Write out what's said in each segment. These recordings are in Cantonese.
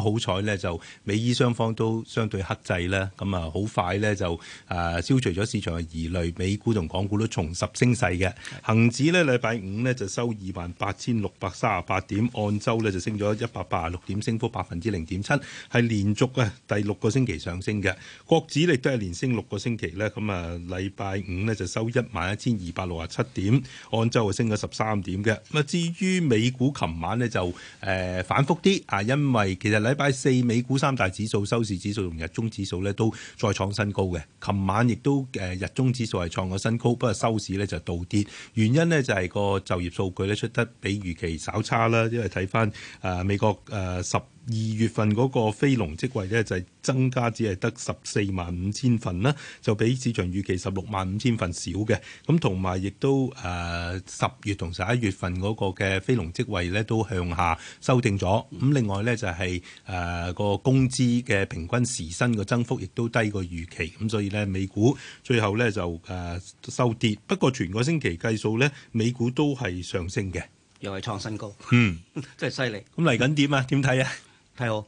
好彩呢，就美伊雙方都相對克制呢。咁啊好快呢，就啊消除咗市場嘅疑慮，美股同港股都重拾升勢嘅。恒指呢，禮拜五呢，就收二萬八千六百三十八點，按周呢，就升咗一百八十六點，升幅百分之零點七，係連續啊第六個星期上升嘅。國指亦都係連升六個星期呢。咁啊禮拜五呢，就收一萬一千二百六十七點，按周啊升咗十三點嘅。咁啊至於美股，琴晚呢，就誒反覆啲啊，因為其實。禮拜四美股三大指數收市指數同日中指數咧都再創新高嘅，琴晚亦都誒日中指數係創個新高，不過收市咧就倒跌，原因呢就係個就業數據咧出得比預期稍差啦，因為睇返誒美國誒十。二月份嗰個非農職位咧就係、是、增加，只係得十四萬五千份啦，就比市場預期十六萬五千份少嘅。咁同埋亦都誒十、呃、月同十一月份嗰個嘅非農職位咧都向下修訂咗。咁另外咧就係誒個工資嘅平均時薪嘅增幅亦都低過預期。咁所以咧美股最後咧就誒、呃、收跌，不過全個星期計數咧美股都係上升嘅，又係創新高。嗯， 真係犀利。咁嚟緊點啊？點睇啊？睇好，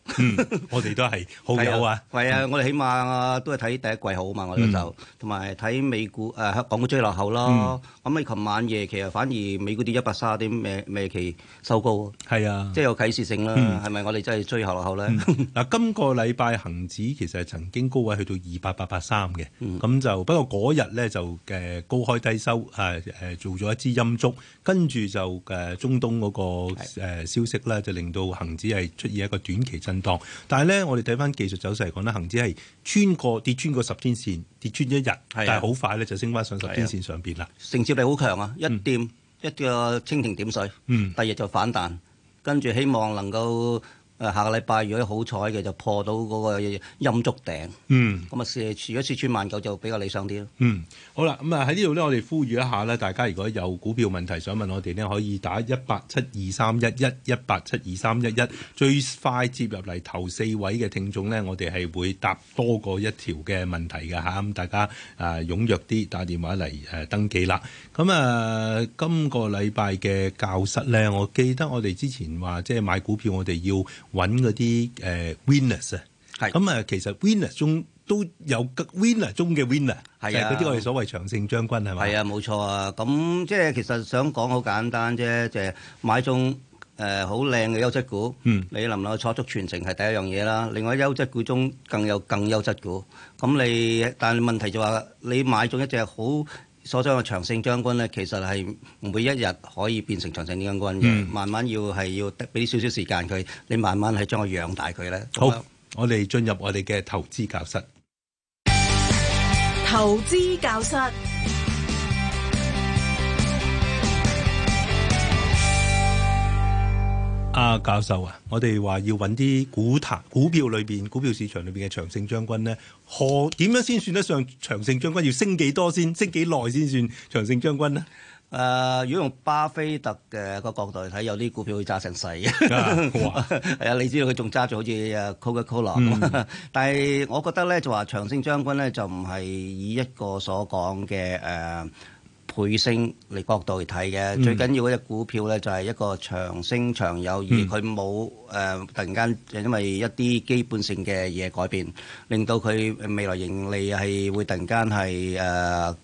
我哋都係好有啊。係啊，我哋起碼都係睇第一季好嘛，我哋就同埋睇美股誒，港股追落後咯。咁你琴晚夜期啊，反而美股跌一百三啊點咩咩期收高，係啊，即係有啟示性啦。係咪我哋真係追後落後咧？嗱，今個禮拜恆指其實曾經高位去到二八八八三嘅，咁就不過嗰日咧就誒高開低收，誒誒做咗一支陰燭，跟住就誒中東嗰個誒消息咧，就令到恆指係出現一個短。短期振盪，但係咧，我哋睇翻技術走勢嚟講咧，恒指係穿過跌穿過十天線，跌穿一日，但係好快咧就升翻上十天線上邊啦。承接力好強啊，一掂、嗯、一個蜻蜓點水，嗯，第二日就反彈，跟住希望能夠。誒下個禮拜，如果好彩嘅就破到嗰個陰燭頂，嗯，咁啊，if if 穿萬九就比較理想啲咯。嗯，好啦，咁啊喺呢度呢，我哋呼籲一下呢。大家如果有股票問題想問我哋呢，可以打一八七二三一一一八七二三一一，最快接入嚟頭四位嘅聽眾呢，我哋係會答多過一條嘅問題嘅嚇，咁大家啊踴躍啲打電話嚟誒登記啦。咁啊、呃，今個禮拜嘅教室呢，我記得我哋之前話即係買股票，我哋要。揾嗰啲誒 winners 啊，咁啊其實 winners 中都有 winners 中嘅 winner，就係嗰啲我哋所謂長勝將軍係咪？係啊，冇錯啊。咁即係其實想講好簡單啫，就係買中誒好靚嘅優質股，你能唔能夠坐足全程係第一樣嘢啦。另外優質股中更有更優質股。咁你但係問題就話你買中一隻好。所講嘅長勝將軍咧，其實係每一日可以變成長勝將軍嘅。嗯、慢慢要係要俾少少時間佢，你慢慢係將佢養大佢咧。好，好吧我哋進入我哋嘅投資教室。投資教室。阿、啊、教授啊，我哋話要揾啲股壇、股票裏邊、股票市場裏邊嘅長勝將軍咧，何點樣先算得上長勝將軍？要升幾多先？升幾耐先算長勝將軍呢？誒、呃，如果用巴菲特嘅個角度嚟睇，有啲股票佢揸成世嘅，係 啊，啊 你知道佢仲揸住好似 Coca Cola，但係我覺得咧，就話長勝將軍咧，就唔係以一個所講嘅誒。呃背升嚟角度去睇嘅，最緊要嗰隻股票咧就係一個長升長有餘，佢冇誒突然間就因為一啲基本性嘅嘢改變，令到佢未來盈利係會突然間係誒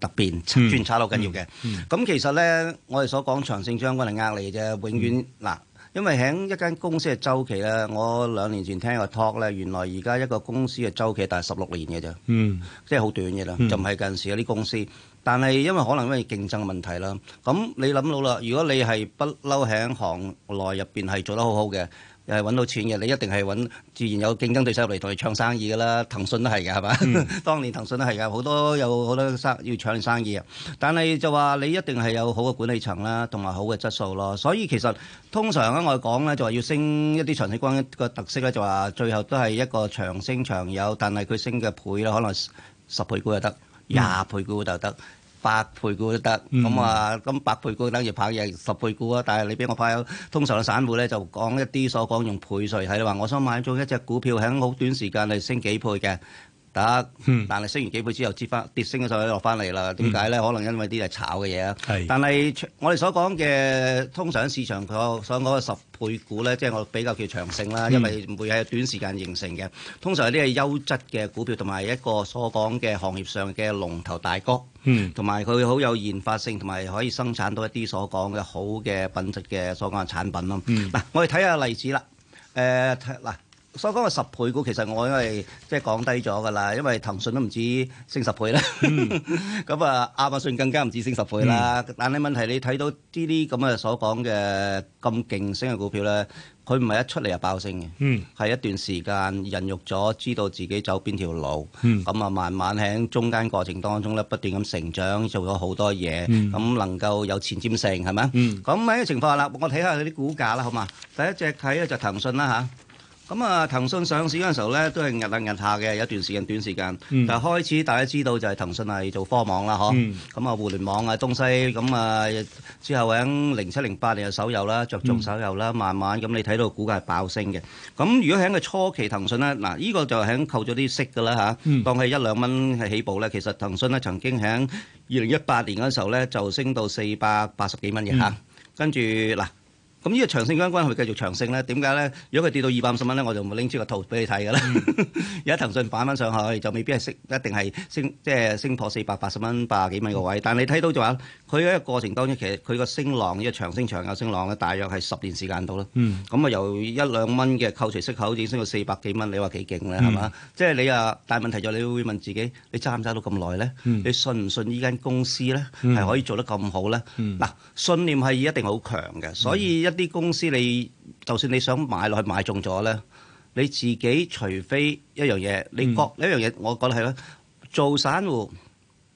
突變，轉差好緊要嘅。咁其實咧，我哋所講長勝將軍係呃你啫，永遠嗱，因為喺一間公司嘅週期咧，我兩年前聽個 talk 咧，原來而家一個公司嘅週期大十六年嘅啫，嗯，即係好短嘅啦，就唔係近時有啲公司。但係因為可能因為競爭問題啦，咁你諗到啦，如果你係不嬲喺行內入邊係做得好好嘅，又係揾到錢嘅，你一定係揾自然有競爭對手入嚟同你搶生意噶啦。騰訊都係㗎係嘛？當年騰訊都係㗎，好多有好多生要搶生意啊。但係就話你一定係有好嘅管理層啦，同埋好嘅質素咯。所以其實通常我哋講咧，就話要升一啲長息股嘅特色咧，就話最後都係一個長升長有，但係佢升嘅倍咧，可能十倍股就得，廿倍股就得。百倍股都得，咁啊、嗯，咁百倍股等於跑贏十倍股啊，但係你俾我跑，通常嘅散戶咧就講一啲所講用倍數係你話，我想買咗一隻股票喺好短時間嚟升幾倍嘅。得，但係升完幾倍之後跌翻跌升嘅時候又落翻嚟啦。點解呢？嗯、可能因為啲係炒嘅嘢啊。是但係我哋所講嘅通常市場佢所講嘅十倍股呢，即係我比較叫長盛啦，因為唔會喺短時間形成嘅。嗯、通常有啲係優質嘅股票，同埋一個所講嘅行業上嘅龍頭大哥，同埋佢好有研發性，同埋可以生產到一啲所講嘅好嘅品質嘅所講嘅產品咯。嗱、嗯嗯，我哋睇下例子啦。誒、呃，嗱。所講嘅十倍股其實我因為即係講低咗㗎啦，因為騰訊都唔止升十倍啦，咁啊亞馬遜更加唔止升十倍啦。但係問題你睇到呢啲咁嘅所講嘅咁勁升嘅股票咧，佢唔係一出嚟就爆升嘅，係一段時間孕育咗，知道自己走邊條路，咁啊慢慢喺中間過程當中咧不斷咁成長，做咗好多嘢，咁能夠有前瞻性係咪？咁喺呢個情況下啦，我睇下佢啲股價啦，好嘛？第一隻睇咧就騰訊啦吓。咁啊，騰訊上市嗰陣時候咧，都係日，日，日下日下嘅，一段時間短時間。嗯、但係開始大家知道就係騰訊係做科網啦，嗬、嗯。咁啊，互聯網啊東西咁啊，之後喺零七零八年嘅手遊啦，着重手遊啦，慢慢咁你睇到股價係爆升嘅。咁如果喺個初期騰訊咧，嗱，呢個就喺扣咗啲息㗎啦吓，當係一兩蚊係起步咧。其實騰訊咧曾經喺二零一八年嗰時候咧，就升到四百八十幾蚊嘅嚇。跟住嗱。咁呢個長勝將軍係咪繼續長勝咧？點解咧？如果佢跌到二百五十蚊咧，我就冇拎出個圖俾你睇㗎啦。而家騰訊反翻上去就未必係升，一定係升，即係升破四百八十蚊八十幾蚊個位。但係你睇到就話，佢喺一個過程當中，其實佢個升浪，呢個長升長嘅升浪咧，大約係十年時間到啦。咁啊，由一兩蚊嘅扣除息口，已經升到四百幾蚊，你話幾勁咧？係嘛？即係你啊，大問題就你會問自己，你揸唔揸到咁耐咧？你信唔信呢間公司咧係可以做得咁好咧？嗱，信念係一定好強嘅，所以一。一啲公司，你就算你想買落去買中咗咧，你自己除非一樣嘢，嗯、你覺一樣嘢，我覺得係咧，做散戶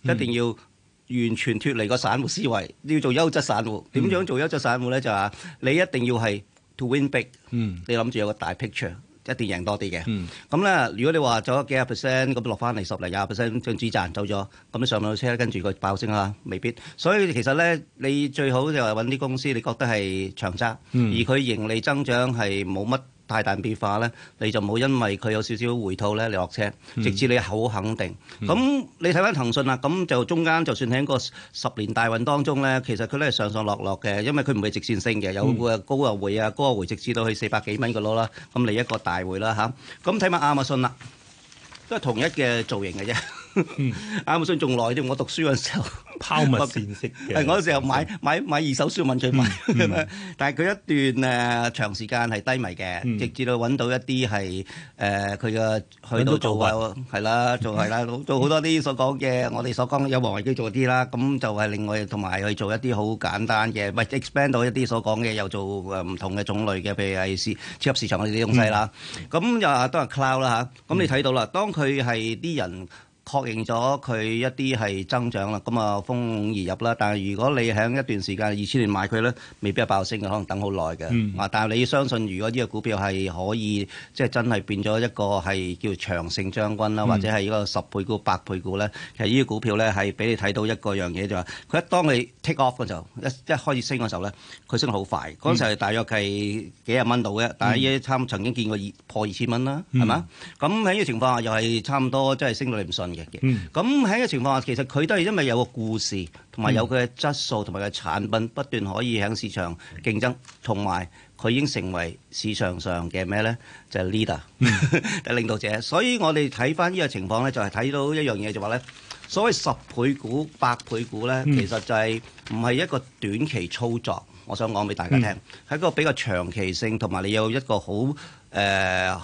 一定要完全脫離個散戶思維，要做優質散戶。點、嗯、樣做優質散戶咧？就話、是、你一定要係 to win big，嗯，你諗住有個大 picture。一定贏多啲嘅，咁咧、嗯、如果你話走咗幾十 percent 咁落翻嚟十零廿 percent 將資賺走咗，咁上唔到車，跟住佢爆升啊，未必。所以其實咧，你最好就係揾啲公司，你覺得係長揸，而佢盈利增長係冇乜。大大變化咧，你就唔好因為佢有少少回吐咧，你落車，直至你好肯定。咁、嗯、你睇翻騰訊啦，咁就中間就算喺個十年大運當中咧，其實佢咧係上上落落嘅，因為佢唔係直線升嘅，有高啊回啊，高啊回，直至到去四百幾蚊個囉啦，咁你一個大回啦嚇。咁睇埋亞馬遜啦，都係同一嘅造型嘅啫。啱冇信仲耐啲，我讀書嗰時候拋物線式嘅，我嗰時候買買買二手書問佢買，但係佢一段誒長時間係低迷嘅，直至到揾到一啲係誒佢嘅去到做係啦，做係啦，做好多啲所講嘅，我哋所講有黃維基做啲啦，咁就係另外同埋去做一啲好簡單嘅，唔係 expand 到一啲所講嘅，又做誒唔同嘅種類嘅，譬如係市切入市場嗰啲東西啦。咁又都係 cloud 啦嚇，咁你睇到啦，當佢係啲人。確認咗佢一啲係增長啦，咁啊蜂擁而入啦。但係如果你喺一段時間，二千年買佢呢，未必係爆升，可能等好耐嘅。嗯、但係你要相信，如果呢個股票係可以即係、就是、真係變咗一個係叫長勝將軍啦，或者係一個十倍股、百倍股呢，其實呢啲股票呢係俾你睇到一個樣嘢，就係佢一當你。Take off 嗰時候，一一開始升嗰時候咧，佢升得好快。嗰陣、嗯、時係大約係幾廿蚊度嘅，但係一差曾經見過二破二千蚊啦，係嘛、嗯？咁喺呢個情況下又係差唔多，即、就、係、是、升到你唔信嘅。咁喺呢個情況下，其實佢都係因為有個故事同埋有佢嘅質素同埋佢嘅產品不斷可以喺市場競爭，同埋佢已經成為市場上嘅咩咧？就係、是、leader，係、嗯、 領導者。所以我哋睇翻呢個情況咧，就係、是、睇到一樣嘢、就是，就話咧。所謂十倍股、百倍股呢，嗯、其實就係唔係一個短期操作。我想講俾大家聽，嗯、係一個比較長期性，同埋你有一個好誒、呃、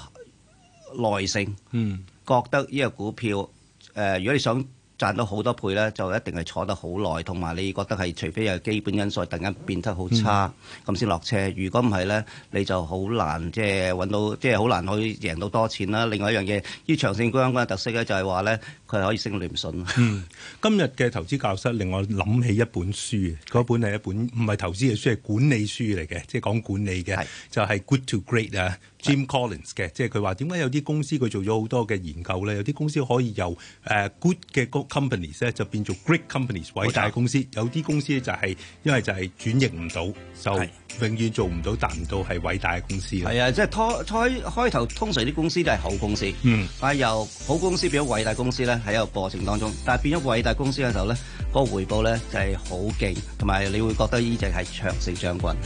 耐性，嗯、覺得呢個股票誒、呃，如果你想。賺到好多倍咧，就一定係坐得好耐，同埋你覺得係除非有基本因素突然間變得好差，咁先落車。如果唔係咧，你就好難即係揾到，即係好難可以贏到多錢啦。另外一樣嘢，依長線股相嘅特色咧，就係話咧，佢可以升你唔信。嗯，今日嘅投資教室令我諗起一本書，嗰本係一本唔係投資嘅書，係管理書嚟嘅，即係講管理嘅，是就係 good to great 啊。Jim Collins 嘅，即係佢話點解有啲公司佢做咗好多嘅研究咧，有啲公司可以由誒、uh, good 嘅 companies 咧就變做 great companies 偉大公司，大有啲公司就係、是、因為就係轉型唔到，就永遠做唔到達唔到係偉大嘅公司。係啊，即係開開開頭通常啲公司都係好公司，嗯，但係由好公司變咗偉大公司咧喺一個過程當中，但係變咗偉大公司嘅時候咧，個回報咧就係好勁，同埋你會覺得呢隻係長勝將軍。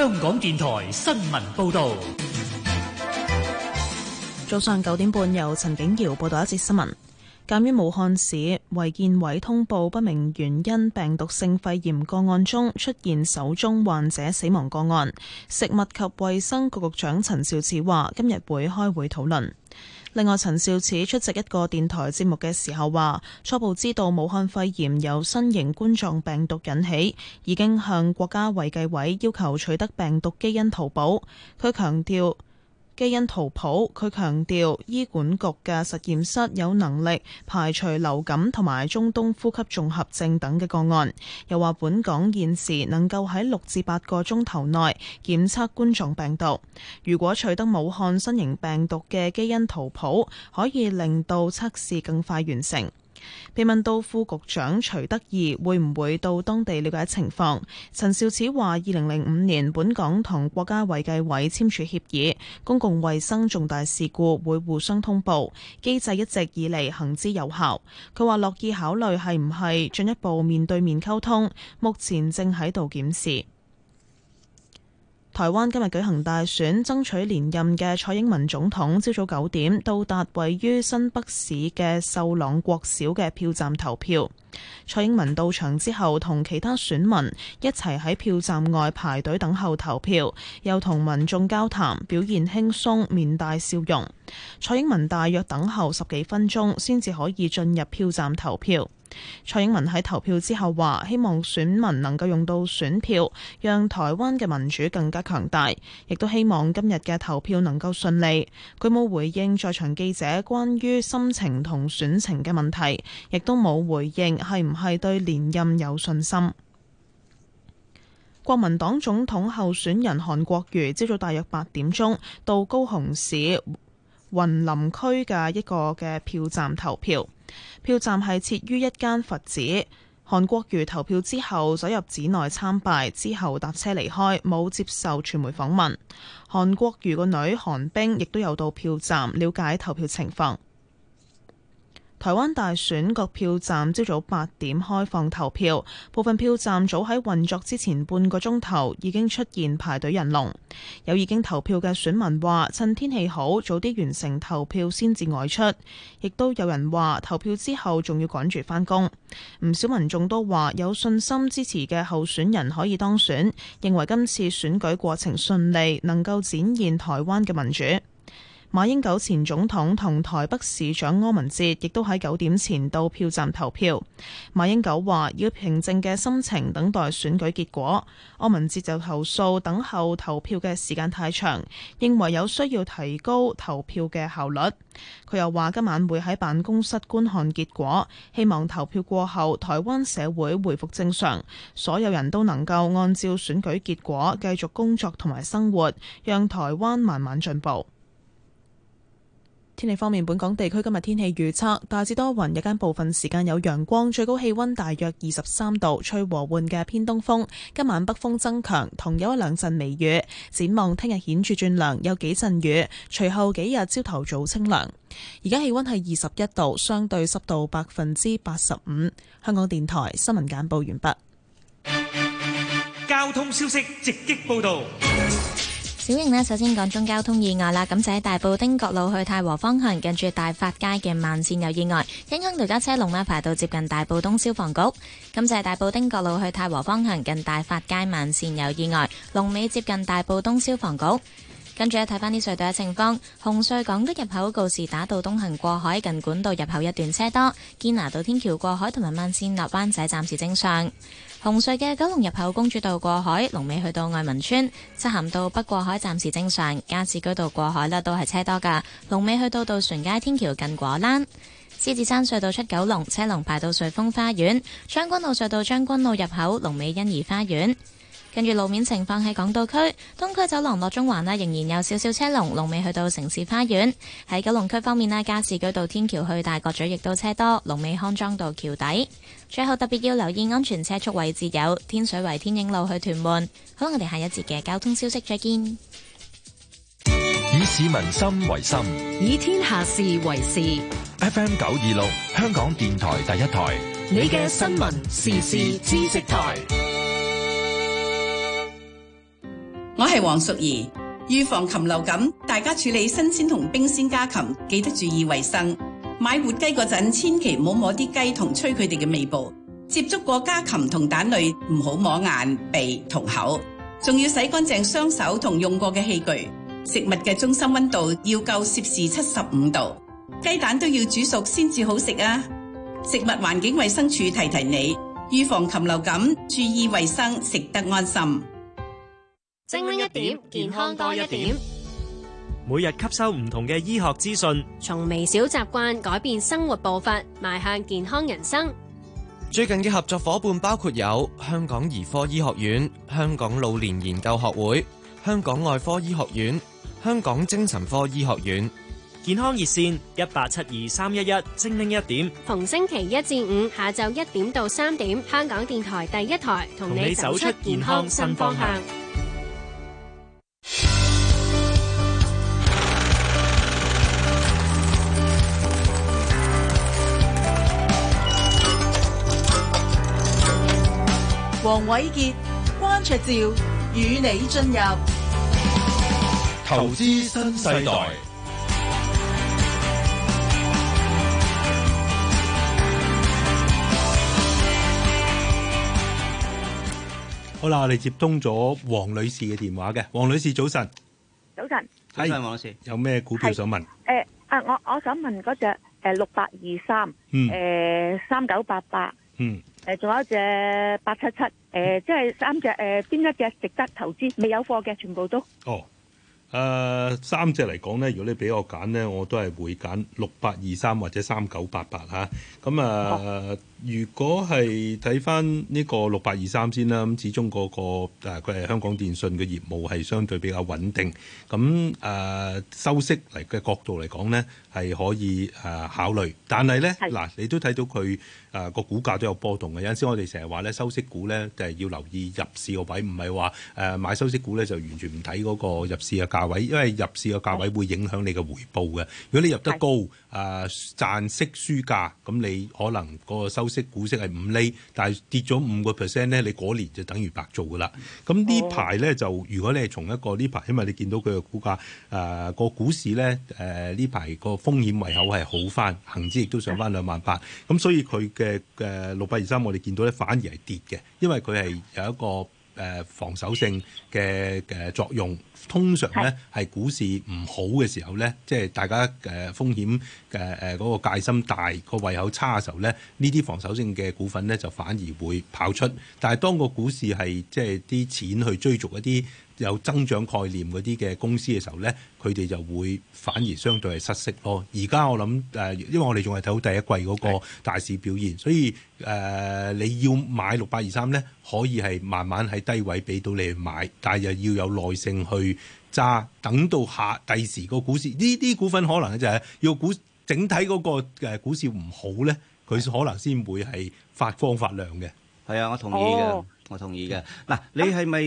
香港電台新聞報道，早上九點半由陳景瑤報道一節新聞。鑒於武漢市衛健委通報不明原因病毒性肺炎個案中出現首宗患者死亡個案，食物及衛生局局長陳肇始話，今日會開會討論。另外，陳肇始出席一個電台節目嘅時候話，初步知道武漢肺炎由新型冠狀病毒引起，已經向國家衛計委要求取得病毒基因圖譜。佢強調。基因圖譜，佢強調醫管局嘅實驗室有能力排除流感同埋中東呼吸綜合症等嘅個案，又話本港現時能夠喺六至八個鐘頭內檢測冠狀病毒。如果取得武漢新型病毒嘅基因圖譜，可以令到測試更快完成。被問到副局長徐德義會唔會到當地了解情況，陳肇始話：二零零五年本港同國家衛計委簽署協議，公共衛生重大事故會互相通報，機制一直以嚟行之有效。佢話樂意考慮係唔係進一步面對面溝通，目前正喺度檢視。台灣今日舉行大選，爭取連任嘅蔡英文總統，朝早九點到達位於新北市嘅秀朗國小嘅票站投票。蔡英文到場之後，同其他選民一齊喺票站外排隊等候投票，又同民眾交談，表現輕鬆，面帶笑容。蔡英文大約等候十幾分鐘，先至可以進入票站投票。蔡英文喺投票之後話：希望選民能夠用到選票，讓台灣嘅民主更加強大，亦都希望今日嘅投票能夠順利。佢冇回應在場記者關於心情同選情嘅問題，亦都冇回應係唔係對連任有信心。國民黨總統候選人韓國瑜朝早大約八點鐘到高雄市雲林區嘅一個嘅票站投票。票站係設於一間佛寺，韓國瑜投票之後走入寺內參拜，之後搭車離開，冇接受傳媒訪問。韓國瑜個女韓冰亦都有到票站了解投票情況。台灣大選各票站朝早八點開放投票，部分票站早喺運作之前半個鐘頭已經出現排隊人龍。有已經投票嘅選民話：趁天氣好，早啲完成投票先至外出。亦都有人話投票之後仲要趕住返工。唔少民眾都話有信心支持嘅候選人可以當選，認為今次選舉過程順利，能夠展現台灣嘅民主。馬英九前總統同台北市長柯文哲亦都喺九點前到票站投票。馬英九話要平靜嘅心情等待選舉結果。柯文哲就投訴等候投票嘅時間太長，認為有需要提高投票嘅效率。佢又話今晚會喺辦公室觀看結果，希望投票過後台灣社會回復正常，所有人都能夠按照選舉結果繼續工作同埋生活，讓台灣慢慢進步。天氣方面，本港地區今日天氣預測大致多雲，日間部分時間有陽光，最高氣温大約二十三度，吹和緩嘅偏東風。今晚北風增強，同有一兩陣微雨。展望聽日顯著轉涼，有幾陣雨，隨後幾日朝頭早清涼。而家氣温係二十一度，相對濕度百分之八十五。香港電台新聞簡報完畢。交通消息直擊報道。小盈呢，首先講中交通意外啦。咁就喺大埔汀角路去太和方向，近住大發街嘅慢線有意外，影響到架車龍呢排到接近大埔東消防局。咁就係大埔汀角路去太和方向，近大發街慢線有意外，龍尾接近大埔東消防局。跟住啊，睇返啲隧道嘅情況，紅隧港島入口告士打道東行過海近管道入口一段車多，堅拿道天橋過海同埋慢線落灣仔暫時正常。紅隧嘅九龍入口公主道過海，龍尾去到愛民村；漆咸道北過海暫時正常，加士居道過海咧都係車多噶。龍尾去到渡船街天橋近果欄，獅子山隧道出九龍，車龍排到瑞峰花園；將軍澳隧道將軍澳入口，龍尾欣怡花園。跟住路面情況喺港島區、東區走廊、落中環啦，仍然有少少車龍，龍尾去到城市花園。喺九龍區方面啦，加士居道天橋去大角咀亦都車多，龍尾康莊道橋底。最後特別要留意安全車速位置有天水圍天影路去屯門。好，我哋下一節嘅交通消息再見。以市民心為心，以天下事為事。FM 九二六，香港電台第一台，你嘅新聞時事知識台。黃淑儀，預防禽流感，大家處理新鮮同冰鮮家禽，記得注意衛生。買活雞嗰陣，千祈唔好摸啲雞同吹佢哋嘅尾部。接觸過家禽同蛋類，唔好摸眼、鼻同口，仲要洗乾淨雙手同用過嘅器具。食物嘅中心溫度要夠攝氏七十五度，雞蛋都要煮熟先至好食啊！食物環境衛生署提提你，預防禽流感，注意衛生，食得安心。精靈一點，健康多一點。每日吸收唔同嘅醫學資訊，從微小習慣改變生活步伐，邁向健康人生。最近嘅合作夥伴包括有香港兒科醫學院、香港老年研究學會、香港外科醫學院、香港精神科醫學院。健康熱線一八七二三一一。精靈一點，逢星期一至五下晝一點到三點，香港電台第一台同你走出健康新方向。黃瑋傑、關焯照與你進入投資新世代。好啦，我哋接通咗黃女士嘅電話嘅。黃女士，早晨，早晨安，係是，黃女士，有咩股票想問？誒，啊、呃，我我想問嗰隻誒六八二三，誒三九八八，嗯。誒，仲有一隻八七七，誒，即係三隻，誒、呃，邊一隻值得投資？未有貨嘅，全部都。哦，誒、呃，三隻嚟講呢，如果你俾我揀呢，我都係會揀六八二三或者三九八八吓。咁啊，呃哦、如果係睇返呢個六八二三先啦，咁始終嗰、那個誒，佢、呃、係香港電訊嘅業務係相對比較穩定。咁誒、呃，收息嚟嘅角度嚟講呢，係可以誒考慮，但係咧嗱，你都睇到佢誒個股價都有波動嘅。有陣時我哋成日話咧收息股咧，就係、是、要留意入市個位，唔係話誒買收息股咧就完全唔睇嗰個入市嘅價位，因為入市嘅價位會影響你嘅回報嘅。如果你入得高，誒、uh, 賺息輸價，咁你可能個收息股息係五厘，但係跌咗五個 percent 咧，你嗰年就等於白做㗎啦。咁呢排咧就，oh. 如果你係從一個呢排，因為你見到佢嘅股價誒個、呃、股市咧誒呢排個、呃、風險胃口係好翻，恒指亦都上翻兩萬八，咁所以佢嘅誒六百二三，呃、我哋見到咧反而係跌嘅，因為佢係有一個。誒防守性嘅嘅作用，通常呢，係股市唔好嘅時候呢，即係大家誒風險誒誒嗰個戒心大，個胃口差嘅時候呢，呢啲防守性嘅股份呢，就反而會跑出，但係當個股市係即係啲錢去追逐一啲。有增長概念嗰啲嘅公司嘅時候咧，佢哋就會反而相對係失色咯。而家我諗誒、呃，因為我哋仲係睇到第一季嗰個大市表現，的所以誒、呃，你要買六百二三咧，可以係慢慢喺低位俾到你買，但係又要有耐性去揸，等到下第時個股市呢啲股份可能就係要股整體嗰個股市唔好咧，佢可能先會係發光發亮嘅。係啊，我同意嘅。Oh. 我同意嘅。嗱，你係咪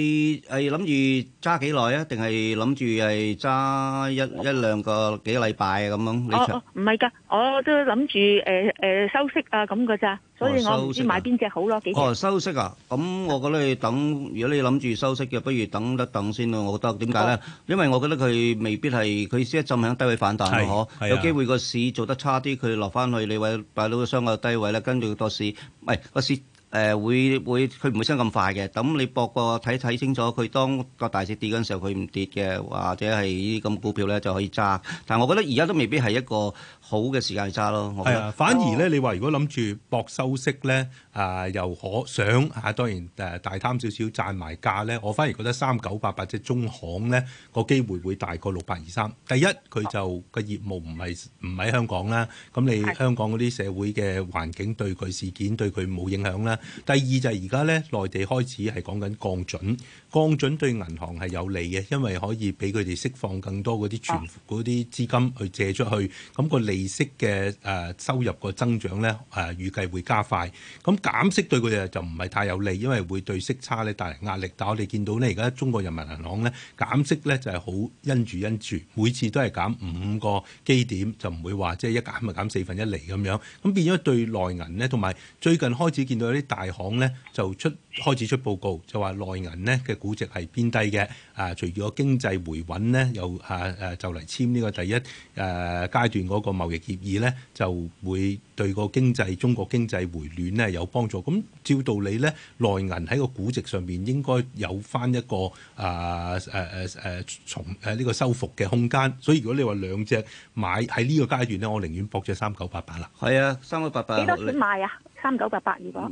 係諗住揸幾耐啊？定係諗住係揸一一兩個幾個禮拜咁樣？哦哦，唔係㗎，我都諗住誒誒收息啊咁嘅咋，所以我唔知買邊隻好咯，幾隻？哦，收息啊！咁我覺得你等，如果你諗住收息嘅，不如等一等先咯。我覺得點解咧？因為我覺得佢未必係佢先一浸響低位反彈咯，嗬？有機會個市做得差啲，佢落翻去你位擺到個箱嘅低位咧，跟住個市唔係個市。誒會、呃、會，佢唔會升咁快嘅。咁你博個睇睇清楚，佢當個大市跌嗰陣時候，佢唔跌嘅，或者係呢啲咁股票咧就可以揸。但係我覺得而家都未必係一個好嘅時間差咯，係啊！反而咧，你話如果諗住搏收息咧，啊又可想啊，當然誒大貪少少賺埋價咧，我反而覺得三九八八即中行咧個機會會大過六百二三。第一，佢就個、啊、業務唔係唔喺香港啦，咁你的香港嗰啲社會嘅環境對佢事件對佢冇影響啦。第二就係而家咧，內地開始係講緊降準，降準對銀行係有利嘅，因為可以俾佢哋釋放更多嗰啲存嗰啲資金去借出去，咁、嗰個利。利息嘅誒、呃、收入個增長咧誒、呃、預計會加快，咁減息對佢哋就唔係太有利，因為會對息差咧帶嚟壓力。但我哋見到咧而家中國人民銀行咧減息咧就係、是、好因住因住，每次都係減五個基點，就唔會話即係一減咪減四分一厘咁樣。咁變咗對內銀咧，同埋最近開始見到有啲大行咧就出。開始出報告就話內銀呢嘅估值係偏低嘅，啊隨住個經濟回穩呢，又啊啊就嚟簽呢個第一誒階段嗰個貿易協議呢，就會對個經濟中國經濟回暖呢有幫助。咁照道理呢，內銀喺個估值上面應該有返一個啊誒誒誒重誒呢個修復嘅空間。所以如果你話兩隻買喺呢個階段呢，我寧願博隻三九八八啦。係啊，三九八八幾多錢買啊？三九八八如果？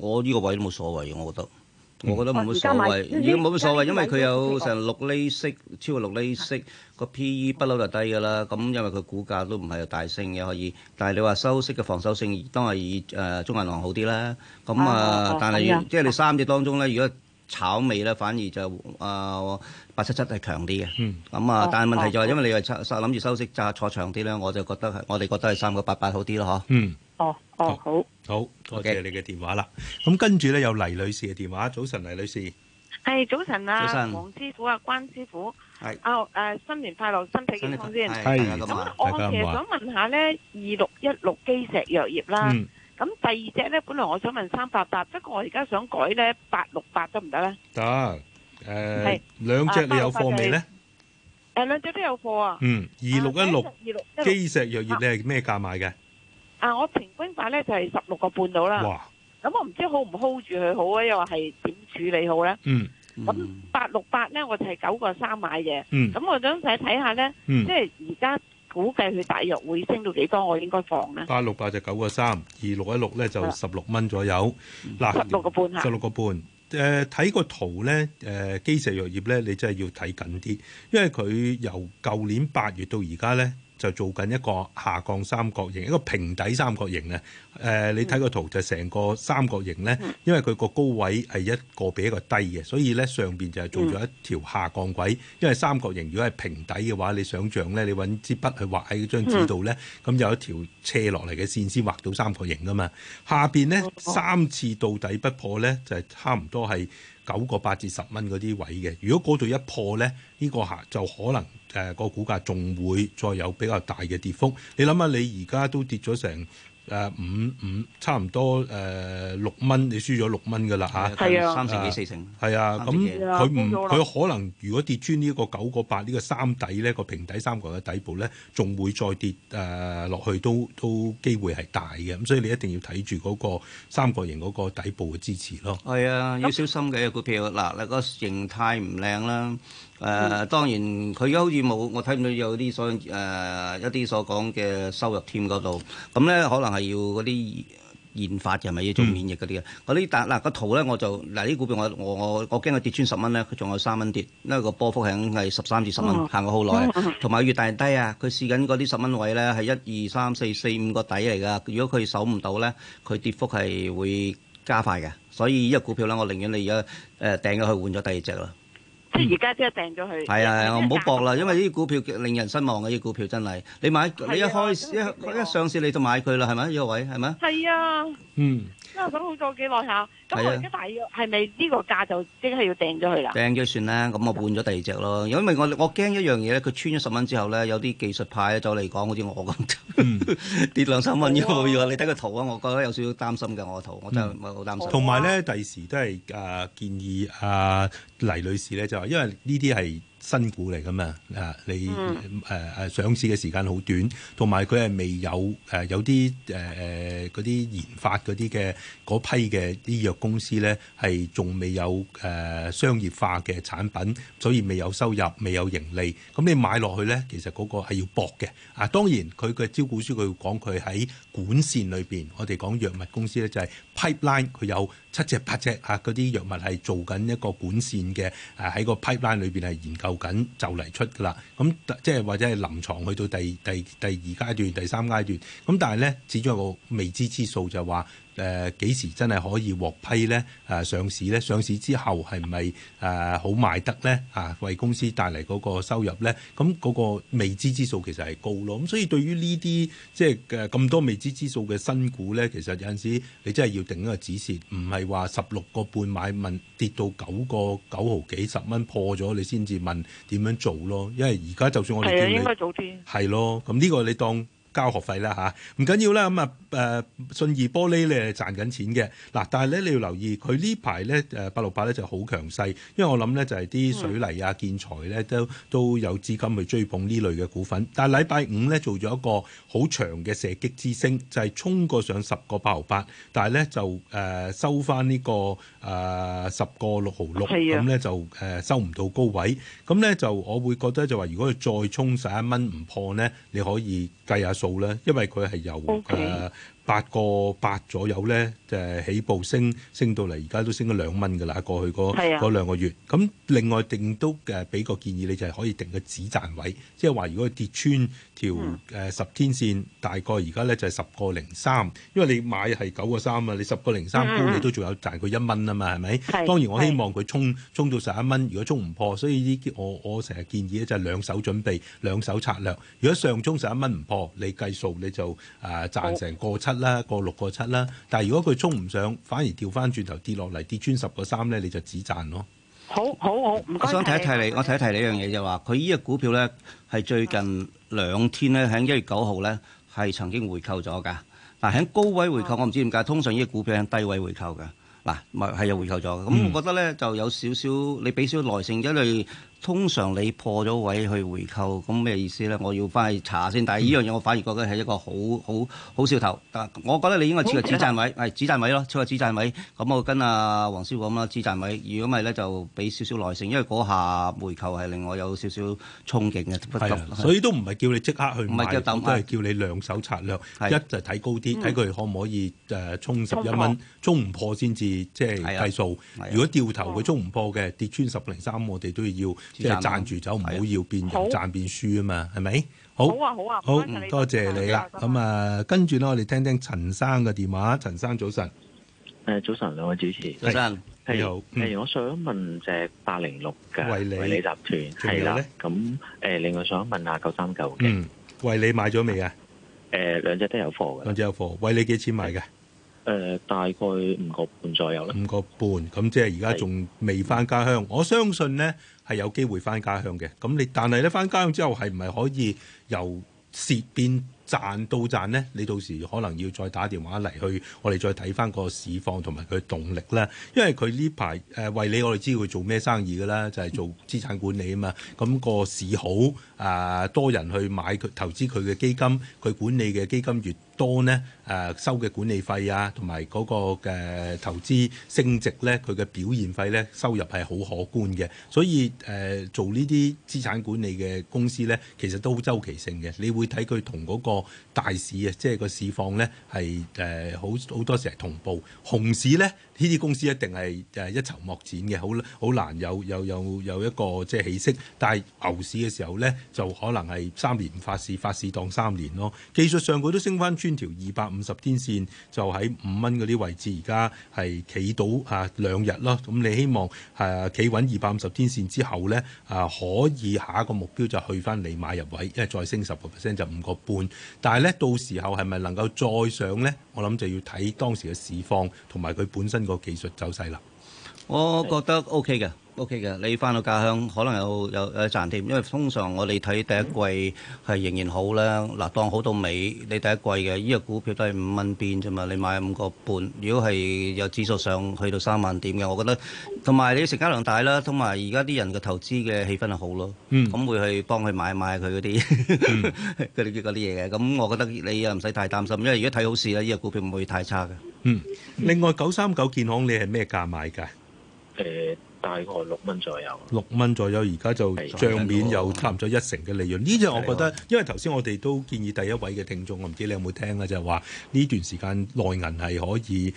我呢個位都冇所謂，我覺得，我覺得冇乜所謂，如果冇乜所謂，因為佢有成六厘息，超過六厘息，個的 PE 不嬲就低㗎啦。咁因為佢股價都唔係大升嘅可以，但係你話收息嘅防守性都係以誒中銀行好啲啦。咁啊，啊啊啊但係、啊啊、即係你三隻當中咧，如果炒尾咧，反而就啊八七七係強啲嘅。咁、嗯、啊，啊但係問題就係因為你話收諗住收息揸坐長啲咧，我就覺得我哋覺得係三個八八好啲咯，嗬、嗯。哦哦，好好多謝你嘅電話啦。咁跟住咧有黎女士嘅電話，早晨黎女士，係早晨啊，早晨，黃師傅啊，關師傅係啊，誒新年快樂，身體健康先係。咁我其實想問下咧，二六一六基石藥業啦，咁第二隻咧本來我想問三八八，不過我而家想改咧八六八得唔得咧？得誒，兩隻你有貨未咧？誒，兩隻都有貨啊。嗯，二六一六基石藥業你係咩價買嘅？啊！我平均法咧就係十六個半到啦。哇。咁我唔知 hold 唔 hold 住佢好啊，又話係點處理好咧？嗯。咁八六八咧，我就係九個三買嘅。嗯。咁我想睇睇下咧，嗯、即係而家估計佢大約會升到幾多？我應該放咧。八六八就九個三，二六一六咧就十六蚊左右。嗱吧，十六個半，十六個半。誒，睇行、呃、個圖咧，誒、呃，基石藥業咧，你真係要睇緊啲，因為佢由舊年八月到而家咧。就做緊一個下降三角形，一個平底三角形咧。誒、呃，你睇個圖就成、嗯、個三角形咧，因為佢個高位係一個比一個低嘅，所以咧上邊就係做咗一條下降軌。因為三角形如果係平底嘅話，你想像咧，你搵支筆去畫喺張紙度咧，咁、嗯、有一條斜落嚟嘅線先畫到三角形㗎嘛。下邊咧三次到底不破咧，就係、是、差唔多係。九個八至十蚊嗰啲位嘅，如果嗰度一破呢，呢個下就可能誒個股價仲會再有比較大嘅跌幅。你諗下，你而家都跌咗成。誒五五差唔多誒六蚊，你輸咗六蚊㗎喇吓，係啊，三成幾四成，係啊，咁佢唔佢可能如果跌穿呢個九個八呢個三底呢個平底三角嘅底部呢，仲會再跌誒落去，都都機會係大嘅，咁所以你一定要睇住嗰個三角形嗰個底部嘅支持咯。係啊，要小心嘅股票嗱，你個形態唔靚啦。誒、uh, 嗯、當然佢而家好似冇，我睇唔到有啲所誒、呃、一啲所講嘅收入添嗰度，咁咧可能係要嗰啲研發嘅，係咪要做免疫嗰啲嘅？嗰啲嗱個圖咧，我就嗱呢、那個、股票我，我我我驚佢跌穿十蚊咧，佢仲有三蚊跌，因為個波幅係係十三至十蚊、嗯、行咗好耐，同埋越跌低啊！佢試緊嗰啲十蚊位咧，係一二三四四五個底嚟噶，如果佢守唔到咧，佢跌幅係會加快嘅。所以呢個股票咧，我寧願你而家誒掟咗去換咗第二隻咯。即係而家即係訂咗佢。係啊係啊，唔好搏啦，啊、因為呢啲股票令人失望嘅，啲股票真係。你買，啊、你一開一一上市你就買佢啦，係咪呢個位係咪？係啊。嗯。咁好咗幾耐下？係啊，但係要係咪呢個價就即係要掟咗佢啦？掟咗算啦，咁我換咗第二隻咯，因為我我驚一樣嘢咧，佢穿咗十蚊之後咧，有啲技術派走嚟講，好似我咁、嗯、 跌兩三蚊。如果、嗯、你睇個圖啊，我覺得有少少擔心嘅。我個圖，我真係唔係好擔心。同埋咧，第時都係誒、啊、建議啊黎女士咧，就話因為呢啲係。新股嚟噶嘛？啊，你誒誒、啊、上市嘅時間好短，同埋佢係未有誒、啊、有啲誒誒嗰啲研發嗰啲嘅嗰批嘅醫藥公司咧，係仲未有誒、啊、商業化嘅產品，所以未有收入，未有盈利。咁你買落去咧，其實嗰個係要搏嘅。啊，當然佢嘅招股書佢講佢喺管線裏邊，我哋講藥物公司咧就係、是、pipeline，佢有七隻八隻啊嗰啲藥物係做緊一個管線嘅，喺、啊、個 pipeline 裏邊係研究。就緊就嚟出噶啦，咁即係或者係臨床去到第第第二階段、第三階段，咁但係咧，始終有個未知之數就，就係話。誒幾、呃、時真係可以獲批呢？誒、呃、上市呢？上市之後係咪誒好賣得呢？嚇、啊、為公司帶嚟嗰個收入呢？咁嗰個未知之數其實係高咯。咁所以對於呢啲即係咁、呃、多未知之數嘅新股呢，其實有陣時你真係要定一個止蝕，唔係話十六個半買問跌到九個九毫幾十蚊破咗，你先至問點樣做咯。因為而家就算我哋叫你，應該早啲。係咯，咁呢個你當。交學費、啊、啦嚇，唔緊要啦，咁啊誒信義玻璃你係賺緊錢嘅嗱，但係咧你要留意佢呢排咧誒八六八咧就好強勢，因為我諗咧就係、是、啲水泥啊、建材咧都都有資金去追捧呢類嘅股份，但係禮拜五咧做咗一個好長嘅射擊之星，就係、是、衝過上十個八毫八，但係咧就誒、呃、收翻、這個呃、的呢個誒十個六毫六，咁咧就誒、呃、收唔到高位，咁咧就我會覺得就話如果佢再衝十一蚊唔破咧，你可以計下，數咧，因為佢係由。誒。Okay. 八個八左右咧，就係、是、起步升升到嚟，而家都升咗兩蚊噶啦。過去嗰嗰兩個月，咁、啊、另外定都誒俾個建議你，就係可以定個止賺位，即係話如果跌穿條誒十天線，嗯、大概而家咧就係十個零三，因為你買係九個三啊嘛，你十個零三高你都仲有賺佢一蚊啊嘛，係咪？當然我希望佢衝衝到十一蚊，如果衝唔破，所以呢啲我我成日建議咧就係兩手準備，兩手策略。如果上衝十一蚊唔破，你計數你就誒好就賺成個七，啦，個六個七啦，但係如果佢衝唔上，反而掉翻轉頭跌落嚟，跌穿十個三咧，3，你就止賺咯。好好好，好好，謝謝，我想提一提你，我睇一提你一樣嘢就係話，佢依個股票咧係最近兩天咧，喺一月九號咧係曾經回購咗㗎。嗱，喺高位回購，我唔知點解，通常呢個股票喺低位回購㗎。嗱，係有回購咗。咁、嗯、我覺得咧就有少少，你俾少少耐性一嚟。通常你破咗位去回購，咁咩意思咧？我要翻去查先。但係呢樣嘢我反而覺得係一個好好好兆頭。但係我覺得你應該設個止賺位，係止賺位咯，設個止賺位。咁我跟阿黃師傅咁啦，止賺位。如果唔係咧就俾少少耐性，因為嗰下回購係另外有少少衝勁嘅。係所以都唔係叫你即刻去買，都係叫你兩手策略。一就睇高啲，睇佢可唔可以誒衝十一蚊？衝唔破先至即係計數。如果掉頭佢衝唔破嘅，跌穿十零三，我哋都要。即係賺住走，唔好要變，賺變輸啊嘛，係咪？好，好啊，好啊，好，唔多謝你啦。咁啊，跟住咧，我哋聽聽陳生嘅電話。陳生早晨，誒，早晨兩位主持，陳生你好。誒，我想問隻八零六嘅，惠理集團係啦。咁誒，另外想問下九三九嘅，惠理買咗未啊？誒，兩隻都有貨嘅，兩隻有貨。惠理幾錢買嘅？誒、呃、大概五個半左右啦。五個半，咁即係而家仲未翻家鄉。的我相信呢係有機會翻家鄉嘅。咁你，但係咧翻家鄉之後係唔係可以由蝕變賺到賺呢？你到時可能要再打電話嚟去，我哋再睇翻個市況同埋佢嘅動力咧。因為佢呢排誒為你，我哋知佢做咩生意㗎啦，就係、是、做資產管理啊嘛。咁、那個市好啊、呃，多人去買佢投資佢嘅基金，佢管理嘅基金越多呢誒收嘅管理費啊，同埋嗰個嘅投資升值呢，佢嘅表現費呢，收入係好可觀嘅，所以誒、呃、做呢啲資產管理嘅公司呢，其實都好周期性嘅，你會睇佢同嗰個大市啊，即係個市況呢，係誒、呃、好好多時係同步，熊市呢。呢啲公司一定係誒一籌莫展嘅，好好難有有有有一個即係起色。但係牛市嘅時候呢，就可能係三年唔發市，發市當三年咯。技術上佢都升翻穿條二百五十天線，就喺五蚊嗰啲位置，而家係企到啊兩日咯。咁你希望啊企穩二百五十天線之後呢，啊，可以下一個目標就去翻你買入位，因為再升十個 percent 就五個半。但係呢，到時候係咪能夠再上呢？我諗就要睇當時嘅市況同埋佢本身個技術走勢啦。我覺得 OK 嘅，OK 嘅。你返到家鄉可能有有有賺添，因為通常我哋睇第一季係仍然好啦。嗱，當好到尾，你第一季嘅依個股票都係五蚊邊啫嘛。你買五個半，如果係有指數上去到三萬點嘅，我覺得同埋你成交量大啦，同埋而家啲人嘅投資嘅氣氛係好咯。咁會去幫佢買買佢嗰啲嗰啲嗰啲嘢嘅。咁我覺得你又唔使太擔心，因為而家睇好市啦，依個股票唔會太差嘅。嗯。另外九三九健康你係咩價買㗎？誒，大概六蚊左右，六蚊左右而家就帳面有差唔多一成嘅利潤。呢隻我覺得，因為頭先我哋都建議第一位嘅聽眾，我唔知你有冇聽呀，就係話呢段時間內銀係可以。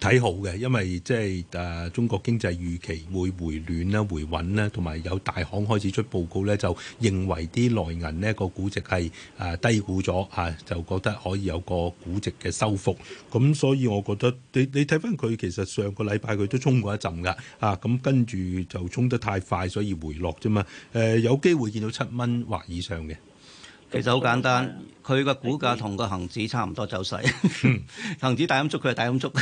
睇好嘅，因為即係誒，中國經濟預期會回暖啦、回穩啦，同埋有,有大行開始出報告咧，就認為啲內銀咧個估值係誒、呃、低估咗啊，就覺得可以有個估值嘅收復。咁所以我覺得你你睇翻佢，其實上個禮拜佢都衝過一浸噶啊，咁跟住就衝得太快，所以回落啫嘛。誒、啊，有機會見到七蚊或以上嘅。其實好簡單，佢個股價同個恒指差唔多走勢。恒、嗯、指大陰燭，佢係大陰燭，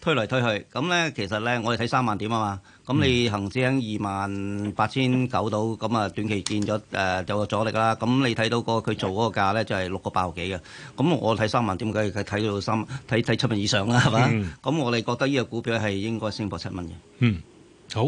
推嚟推去。咁咧，其實咧，我哋睇三萬點啊嘛。咁你恒指喺二萬八千九到，咁啊短期見咗誒有個阻力啦。咁你睇到個佢做嗰個價咧，就係六個八毫幾嘅。咁我睇三萬點，梗係睇到三睇睇七蚊以上啦，係嘛？咁、嗯、我哋覺得呢個股票係應該升過七蚊嘅。嗯，好。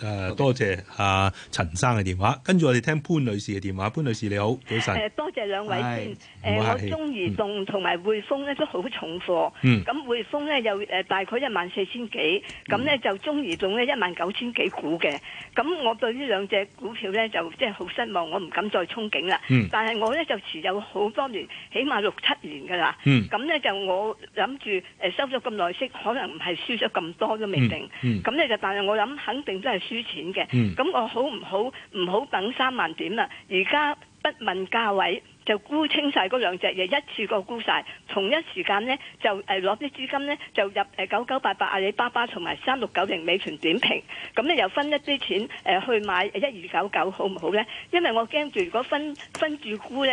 誒、uh, Okay. 多謝阿、uh, 陳生嘅電話，跟住我哋聽潘女士嘅電話。潘女士你好，早晨、呃、多謝兩位先唉。誒、呃、我中移動同埋匯豐咧都好重貨。咁匯、嗯、豐咧有誒大概一萬四千幾，咁咧就中移動咧一萬九千幾股嘅。咁我對呢兩隻股票咧就即係好失望，我唔敢再憧憬啦。嗯、但係我咧就持有好多年，起碼六七年㗎啦。咁咧、嗯、就我諗住誒收咗咁耐息，可能唔係輸咗咁多都未定。咁咧就，但係我諗肯定真係。輸錢嘅，咁我好唔好唔好等三萬點啦？而家不問價位就沽清晒嗰兩隻嘢，一次過沽晒，同一時間呢，就誒攞啲資金呢，就入九九八八阿里巴巴同埋三六九零美團點評，咁你又分一啲錢誒去買一二九九好唔好呢？因為我驚住如果分分住沽呢，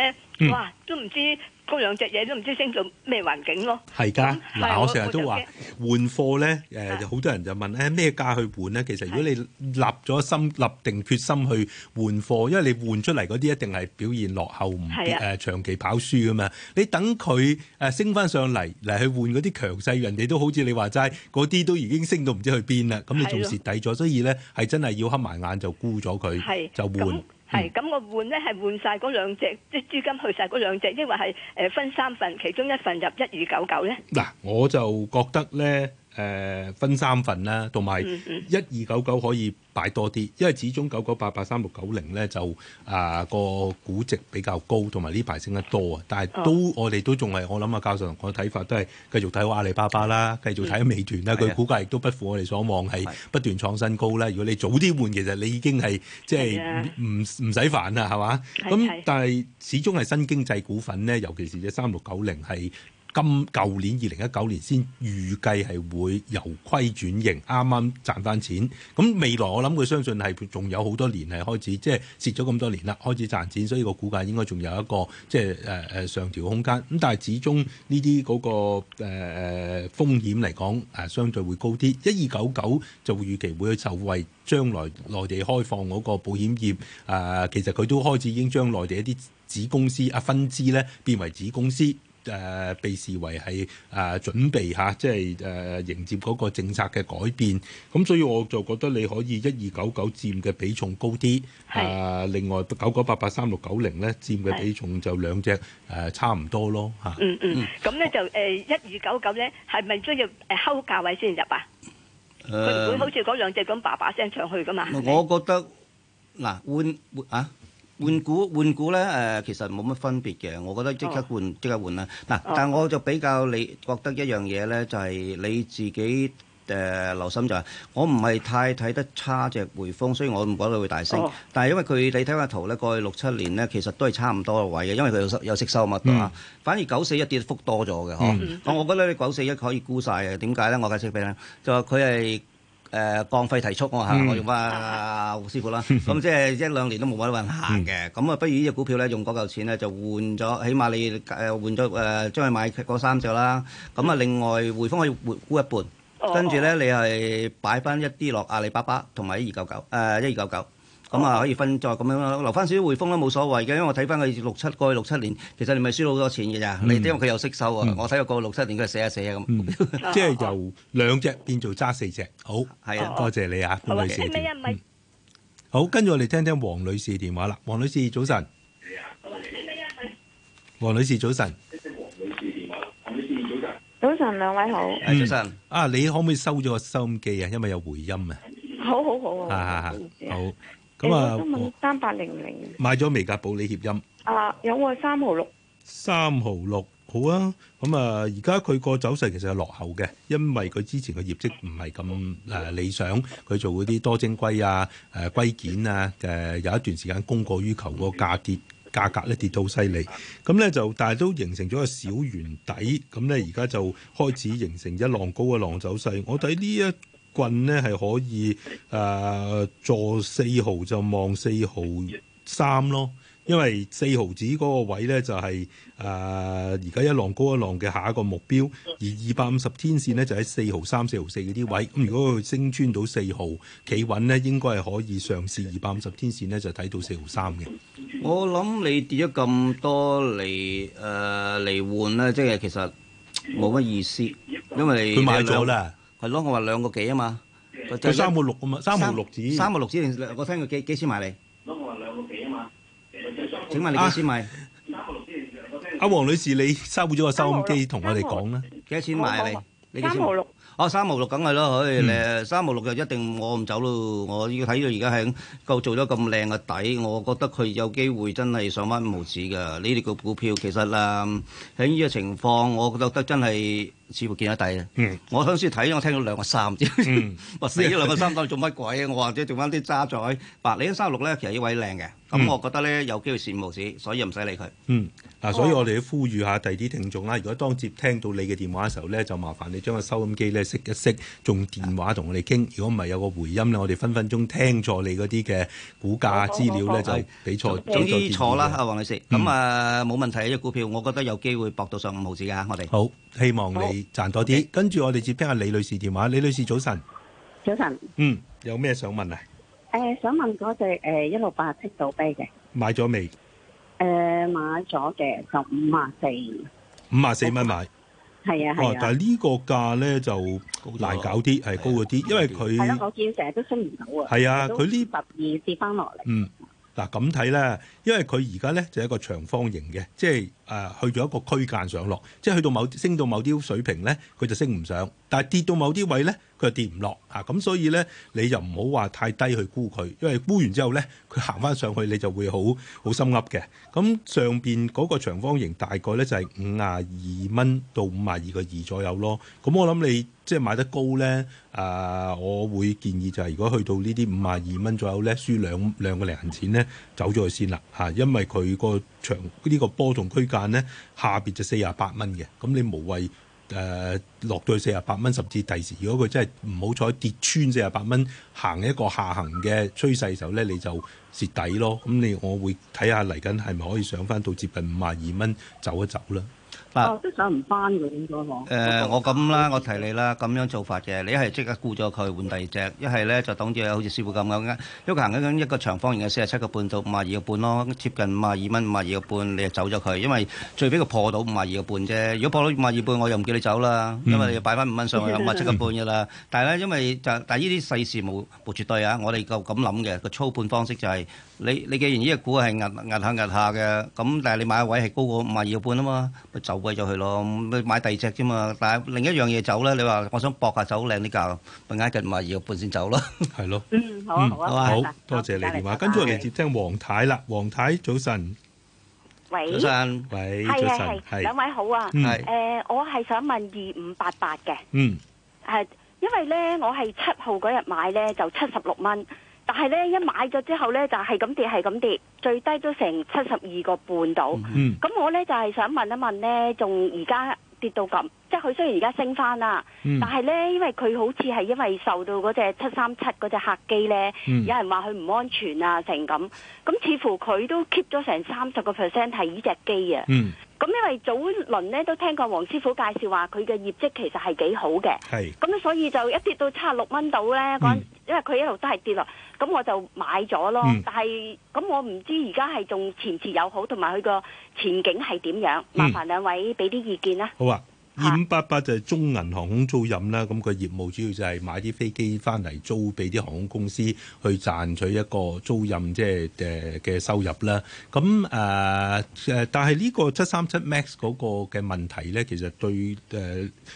哇都唔知。嗰兩隻嘢都唔知升到咩環境咯，係㗎。嗱，我成日都話換貨咧，就、呃、好多人就問咧咩價去換咧。其實如果你立咗心、立定決心去換貨，因為你換出嚟嗰啲一定係表現落後，唔誒長期跑輸㗎嘛。你等佢誒升翻上嚟嚟去換嗰啲強勢，人哋都好似你話齋，嗰啲都已經升到唔知去邊啦。咁、嗯、你仲蝕底咗，所以咧係真係要黑埋眼就沽咗佢，就換。係，咁我換咧係換晒嗰兩隻，即係資金去晒嗰兩隻，抑或係誒分三份，其中一份入一二九九咧。嗱， 我就覺得咧。誒、呃、分三份啦，同埋一二九九可以擺多啲，嗯嗯因為始終九九八八三六九零咧就啊個估值比較高，同埋呢排升得多啊！但係都、哦、我哋都仲係我諗啊，教授同我睇法都係繼續睇個阿里巴巴啦，繼續睇美團啦。佢估計亦都不負我哋所望，係不斷創新高啦。如果你早啲換，其實你已經係即係唔唔使煩啦，係嘛？咁但係始終係新經濟股份咧，尤其是隻三六九零係。今舊年二零一九年先預計係會由虧轉型，啱啱賺翻錢。咁未來我諗佢相信係仲有好多年係開始，即係蝕咗咁多年啦，開始賺錢，所以個股價應該仲有一個即係誒誒上調空間。咁但係始終呢啲嗰個誒誒、呃、風險嚟講誒相對會高啲。一二九九就預期會受惠將來內地開放嗰個保險業誒、呃，其實佢都開始已經將內地一啲子公司啊分支咧變為子公司。誒被視為係誒準備嚇，即係誒迎接嗰個政策嘅改變。咁所以我就覺得你可以一二九九佔嘅比重高啲。係。誒另外九九八八三六九零咧佔嘅比重就兩隻誒差唔多咯嚇。嗯嗯。咁咧就誒一二九九咧係咪需要誒睺價位先入啊？誒。會唔會好似嗰兩隻咁叭叭聲上去噶嘛？我覺得嗱換啊。換股換股咧誒、呃，其實冇乜分別嘅，我覺得即刻換即、oh. 刻換啦。嗱，但係我就比較你覺得一樣嘢咧，就係、是、你自己誒、呃、留心就係、是，我唔係太睇得差隻匯豐，所以我唔覺得會大升。Oh. 但係因為佢你睇下圖咧，過去六七年咧，其實都係差唔多嘅位嘅，因為佢有收有息收啊嘛，mm. 反而九四一跌幅多咗嘅，嗬、mm. 嗯。但我覺得你九四一可以沽晒嘅，點解咧？我解釋俾你，就係佢係。誒、呃、降費提速，我我用翻胡師傅啦。咁、嗯、 即係一兩年都冇乜運行嘅。咁、嗯、啊，不如呢隻股票咧，用嗰嚿錢咧就換咗，起碼你誒換咗誒、呃、將佢買嗰三隻啦。咁、嗯、啊，另外匯豐可以活沽一半，跟住咧你係擺翻一啲落阿里巴巴同埋一二九九，誒一二九九。咁啊，可以分作咁樣咯，留翻少啲匯豐啦，冇所謂嘅。因為我睇翻佢六七過去六七年，其實你咪輸咗好多錢嘅咋？你因為佢有息收啊，我睇佢過六七年佢四啊四啊咁。即係由兩隻變做揸四隻，好，係啊，多謝你啊，潘女士。好，跟住我哋聽聽黃女士電話啦。黃女士早晨。係啊，黃女士早晨。黃女士電話，黃女士早晨。早晨，兩位好。早晨啊，你可唔可以收咗個收音機啊？因為有回音啊。好好好啊。係係係。好。咁啊，三八零零，買咗微格保利協鑫，啊，有喎，三毫六，三毫六，好啊。咁、嗯、啊，而家佢個走勢其實係落後嘅，因為佢之前嘅業績唔係咁誒理想。佢做嗰啲多晶硅啊、誒硅片啊，誒、呃、有一段時間供過於求，個價跌價格咧跌到犀利。咁、嗯、咧就，但係都形成咗一個小圓底。咁咧而家就開始形成一浪高一浪走勢。我睇呢一。棍呢係可以誒，坐、呃、四毫就望四毫三咯，因為四毫子嗰個位呢就係誒而家一浪高一浪嘅下一個目標，而二百五十天線呢就喺、是、四毫三、四毫四嗰啲位。咁、呃、如果佢升穿到四毫，企穩呢，應該係可以上試二百五十天線呢就睇到四毫三嘅。我諗你跌咗咁多嚟誒嚟換呢，即係其實冇乜意思，因為你買咗啦。係咯，我話 兩個幾啊嘛，佢三個六啊嘛，三個六子，三個六子，我聽佢幾幾，幾錢買你？我話兩個幾啊嘛，請問你幾錢買？三個六，阿黃女士，你收咗個收音機同我哋講啦，幾多錢買你？你幾錢買？三個六。啊，三毫六梗係咯，佢三毫六就一定我唔走咯。我要睇到而家係夠做咗咁靚嘅底，我覺得佢有機會真係上翻五毫子嘅。呢啲個股票其實啊喺呢個情況，我覺得真係似乎見得底啊。嗯、我啱先睇我聽到兩個三字、 嗯，死咗兩個三， 當你做乜鬼啊？我或者做翻啲渣仔。嗱，你三六咧，其實依位靚嘅，咁、嗯嗯、我覺得咧有機會上五毫子，所以唔使理佢。嗯。嗱，所以我哋呼籲下第啲聽眾啦。如果當接聽到你嘅電話嘅時候咧，就麻煩你將個收音機咧熄一熄，用電話同我哋傾。如果唔係有個回音咧，我哋分分鐘聽錯你嗰啲嘅股價資料咧，就俾再錯咗。錯啦，阿黃女士，咁啊冇問題呢隻股票，我覺得有機會博到上五毫子㗎吓，我哋好希望你賺多啲。跟住、okay。我哋接聽下李女士電話。李女士早晨，早晨，嗯，有咩想問啊？誒、呃，想問嗰隻誒一六八七到 B 嘅買咗未？誒、呃，買咗嘅就五萬四，五萬四蚊買，係啊係、啊哦、但係呢個價咧就難搞啲，係高咗了啲，啊、因為佢係咯，我見成日都升唔到啊，係啊，佢呢突然跌翻落嚟，嗯。嗱咁睇咧，因為佢而家咧就係、一個長方形嘅，即係誒、呃、去咗一個區間上落，即係去到某升到某啲水平咧，佢就升唔上；但係跌到某啲位咧，佢就跌唔落嚇。咁、啊、所以咧，你就唔好話太低去估佢，因為估完之後咧，佢行翻上去你就會好好心噏嘅。咁、嗯、上邊嗰個長方形大概咧就係五廿二蚊到五廿二個二左右咯。咁、嗯、我諗你。即係買得高咧，誒、呃，我會建議就係如果去到呢啲五十二蚊左右咧，輸兩兩個零錢咧，走咗先啦嚇、啊，因為佢個長呢、這個波動區間咧，下邊就四十八蚊嘅，咁你無謂誒、呃、落到去四十八蚊甚至第二時，如果佢真係唔好彩跌穿四十八蚊，行一個下行嘅趨勢時候咧，你就蝕底咯。咁你我會睇下嚟緊係咪可以上翻到接近五十二蚊走一走啦。嗱，即上唔翻嘅應該嗬。誒，我咁啦，我提你啦，咁樣做法嘅。你一係即刻沽咗佢，換第二隻；一係咧就等住，好似師傅咁咁樣，喐行緊緊一個長方形嘅四十七個半到五廿二個半咯，接近五廿二蚊、五廿二個半，你就走咗佢，因為最尾佢破到五廿二個半啫。如果破到五廿二半，我又唔叫你走啦，因為你擺翻五蚊上去，五廿七個半嘅啦。但係咧，因為就但係呢啲世事冇冇絕對啊，我哋就咁諗嘅個操盤方式就係、是。你你既然，呢隻股係壓壓下壓下嘅，咁但係你買位係高過五萬二個半啊嘛，咪走貴咗佢咯，你買第二隻啫嘛。但係另一樣嘢走咧，你話我想搏下走靚啲價，咪挨近五萬二個半先走咯。係咯。嗯，好啊，好啊，好多謝你電話。跟住我哋接聽黃太啦，黃太早晨。喂。早晨。喂。早晨。係啊係。兩位好啊。係。誒，我係想問二五八八嘅。嗯。係，因為咧，我係七號嗰日買咧，就七十六蚊。但係咧，一買咗之後咧，就係咁跌，係咁跌，最低都成七十二個半到。咁、嗯、我咧就係、是、想問一問咧，仲而家跌到咁，即係佢雖然而家升翻啦，嗯、但係咧，因為佢好似係因為受到嗰隻七三七嗰隻客機咧，嗯、有人話佢唔安全啊，成咁。咁似乎佢都 keep 咗成三十個 percent 係呢隻機啊。咁、嗯、因為早輪咧都聽過黃師傅介紹話，佢嘅業績其實係幾好嘅。咁的所以就一跌到七十六蚊到咧，講、嗯。因為佢一路都係跌落，咁我就買咗咯。嗯、但係咁我唔知而家係仲前次有好，同埋佢個前景係點樣？麻煩兩位俾啲意見啦、嗯。好啊。二五八八就係中銀航空租賃啦，咁佢業務主要就係買啲飛機翻嚟租俾啲航空公司去賺取一個租賃即係嘅嘅收入啦。咁誒誒，但係呢個七三七 MAX 嗰個嘅問題咧，其實對誒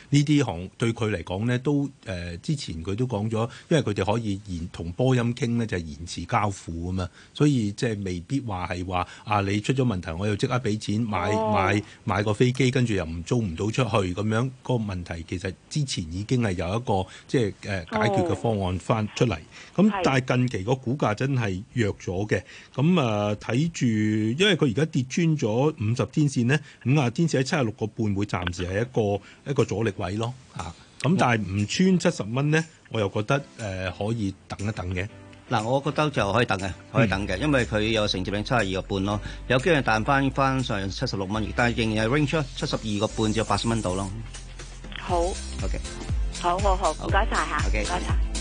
呢啲航對佢嚟講咧都誒、呃、之前佢都講咗，因為佢哋可以延同波音傾咧就係延遲交付啊嘛，所以即係未必話係話啊你出咗問題，我要即刻俾錢買買買個飛機，跟住又唔租唔到出去。咁樣個問題其實之前已經係有一個即係誒解決嘅方案翻出嚟，咁、嗯、但係近期個股價真係弱咗嘅，咁啊睇住，因為佢而家跌穿咗五十天線咧，五十天線喺七十六個半會暫時係一個一個阻力位咯嚇，咁、嗯、但係唔穿七十蚊咧，我又覺得誒、呃、可以等一等嘅。嗱，我覺得就可以等嘅，可以等嘅，因為佢有承接領七十二個半咯，有機會彈翻翻上七十六蚊，但係仍然係 range 七十二個半至八十蚊到咯。好。O K。好好好，唔該晒。嚇謝。O Okay . K。唔該曬。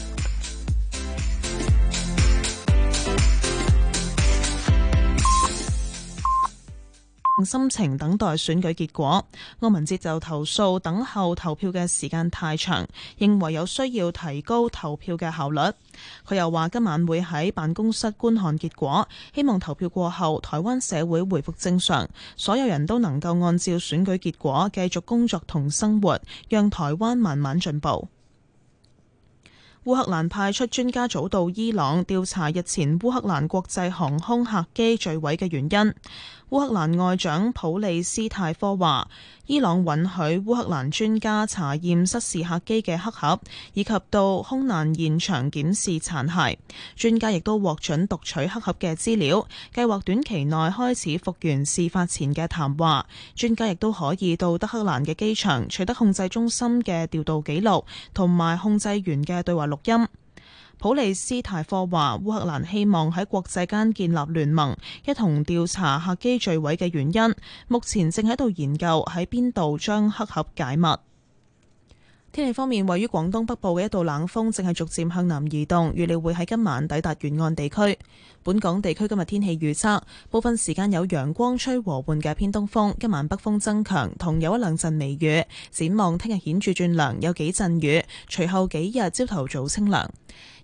心情等待選舉結果。柯文哲就投訴等候投票嘅時間太長，認為有需要提高投票嘅效率。佢又話今晚會喺辦公室觀看結果，希望投票過後台灣社會回復正常，所有人都能夠按照選舉結果繼續工作同生活，讓台灣慢慢進步。烏克蘭派出專家組到伊朗調查日前烏克蘭國際航空客機墜毀嘅原因。烏克蘭外長普利斯泰科話，伊朗允許烏克蘭專家查驗失事客機嘅黑盒，以及到空難現場檢視殘骸。專家亦都獲准讀取黑盒嘅資料，計劃短期內開始復原事發前嘅談話。專家亦都可以到德克蘭嘅機場取得控制中心嘅調度記錄，同埋控制員嘅對話錄音。普利斯泰科話：烏克蘭希望喺國際間建立聯盟，一同調查客機墜毀嘅原因。目前正喺度研究喺邊度將黑盒解密。天氣方面，位於廣東北部嘅一道冷風正係逐漸向南移動，預料會喺今晚抵達沿岸地區。本港地區今日天，天氣預測，部分時間有陽光，吹和緩嘅偏東風，今晚北風增強，同有一兩陣微雨。展望聽日顯著轉涼，有幾陣雨，隨後幾日朝頭早清涼。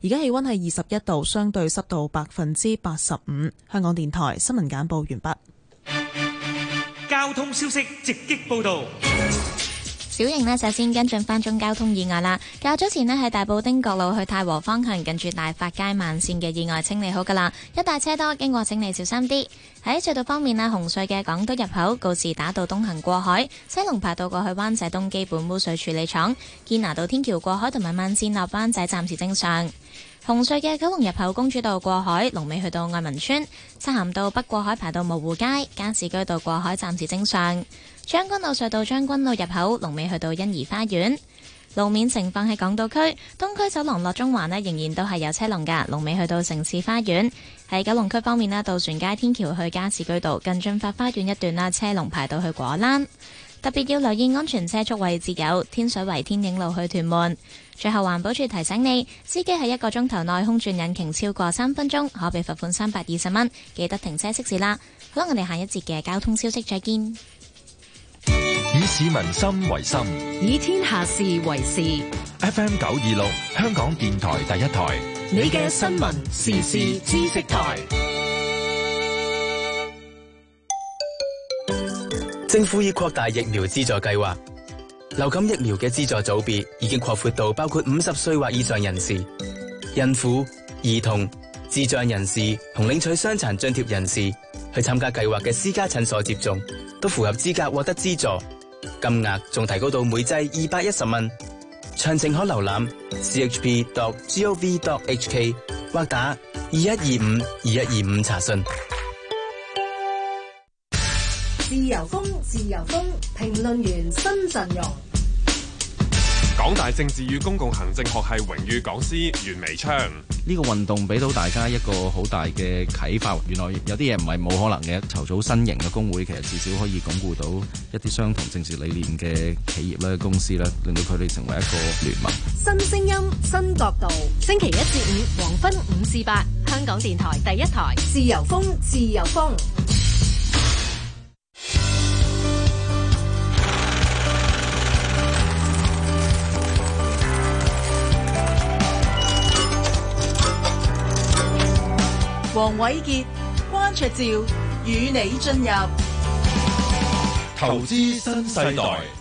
而家氣温係二十一度，相對濕度百分之八十五。香港電台新聞簡報完畢。交通消息直擊報導。小型呢，首先跟進翻宗交通意外啦。較早前呢，喺大埔汀角路去太和方向近住大發街慢線嘅意外清理好㗎啦，一帶車多，經過請你小心啲。喺隧道方面呢，紅隧嘅港島入口告士打道東行過海，西龍排到過去灣仔東基本污水處理廠，堅拿道天橋過海同埋慢線落灣仔暫時正常。紅隧嘅九龍入口公主道過海，龍尾去到愛民村；漆咸道北過海排到蕪湖街，加士居道過海暫時正常。將軍路隧道將軍路入口，龍尾去到欣怡花園。路面情況喺港島區東區走廊落中環呢，仍然都係有車龍噶，龍尾去到城市花園。喺九龍區方面咧，渡船街天橋去加士居道近駿發花園一段啦，車龍排到去果欄。特別要留意安全車速位置有天水圍天影路去屯門。最後，環保處提醒你，司機喺一個鐘頭內空轉引擎超過三分鐘，可被罰款三百二十蚊。記得停車熄匙啦！好啦，我哋下一節嘅交通消息再見。以市民心為心，以天下事為事。FM 九二六，香港電台第一台。你嘅新聞時事知識台。政府要擴大疫苗資助計劃。流感疫苗嘅資助組別已經擴闊到包括五十歲或以上人士、孕婦、兒童、智障人士同領取傷殘津貼人士，去參加計劃嘅私家診所接種都符合資格獲得資助，金額仲提高到每劑二百一十蚊。詳情可瀏覽 chp.gov.hk 或打二一二五二一二五查詢。自由風，自由風。評論員新陣容，港大政治與公共行政學系榮譽講師袁眉昌。呢個運動俾到大家一個好大嘅啟發，原來有啲嘢唔係冇可能嘅。籌組新型嘅工會，其實至少可以鞏固到一啲相同政治理念嘅企業咧、公司咧，令到佢哋成為一個聯盟。新聲音，新角度。星期一至五黃昏五至八，香港電台第一台。自由風，自由風。黃瑋傑、關焯照與你進入投資新世代。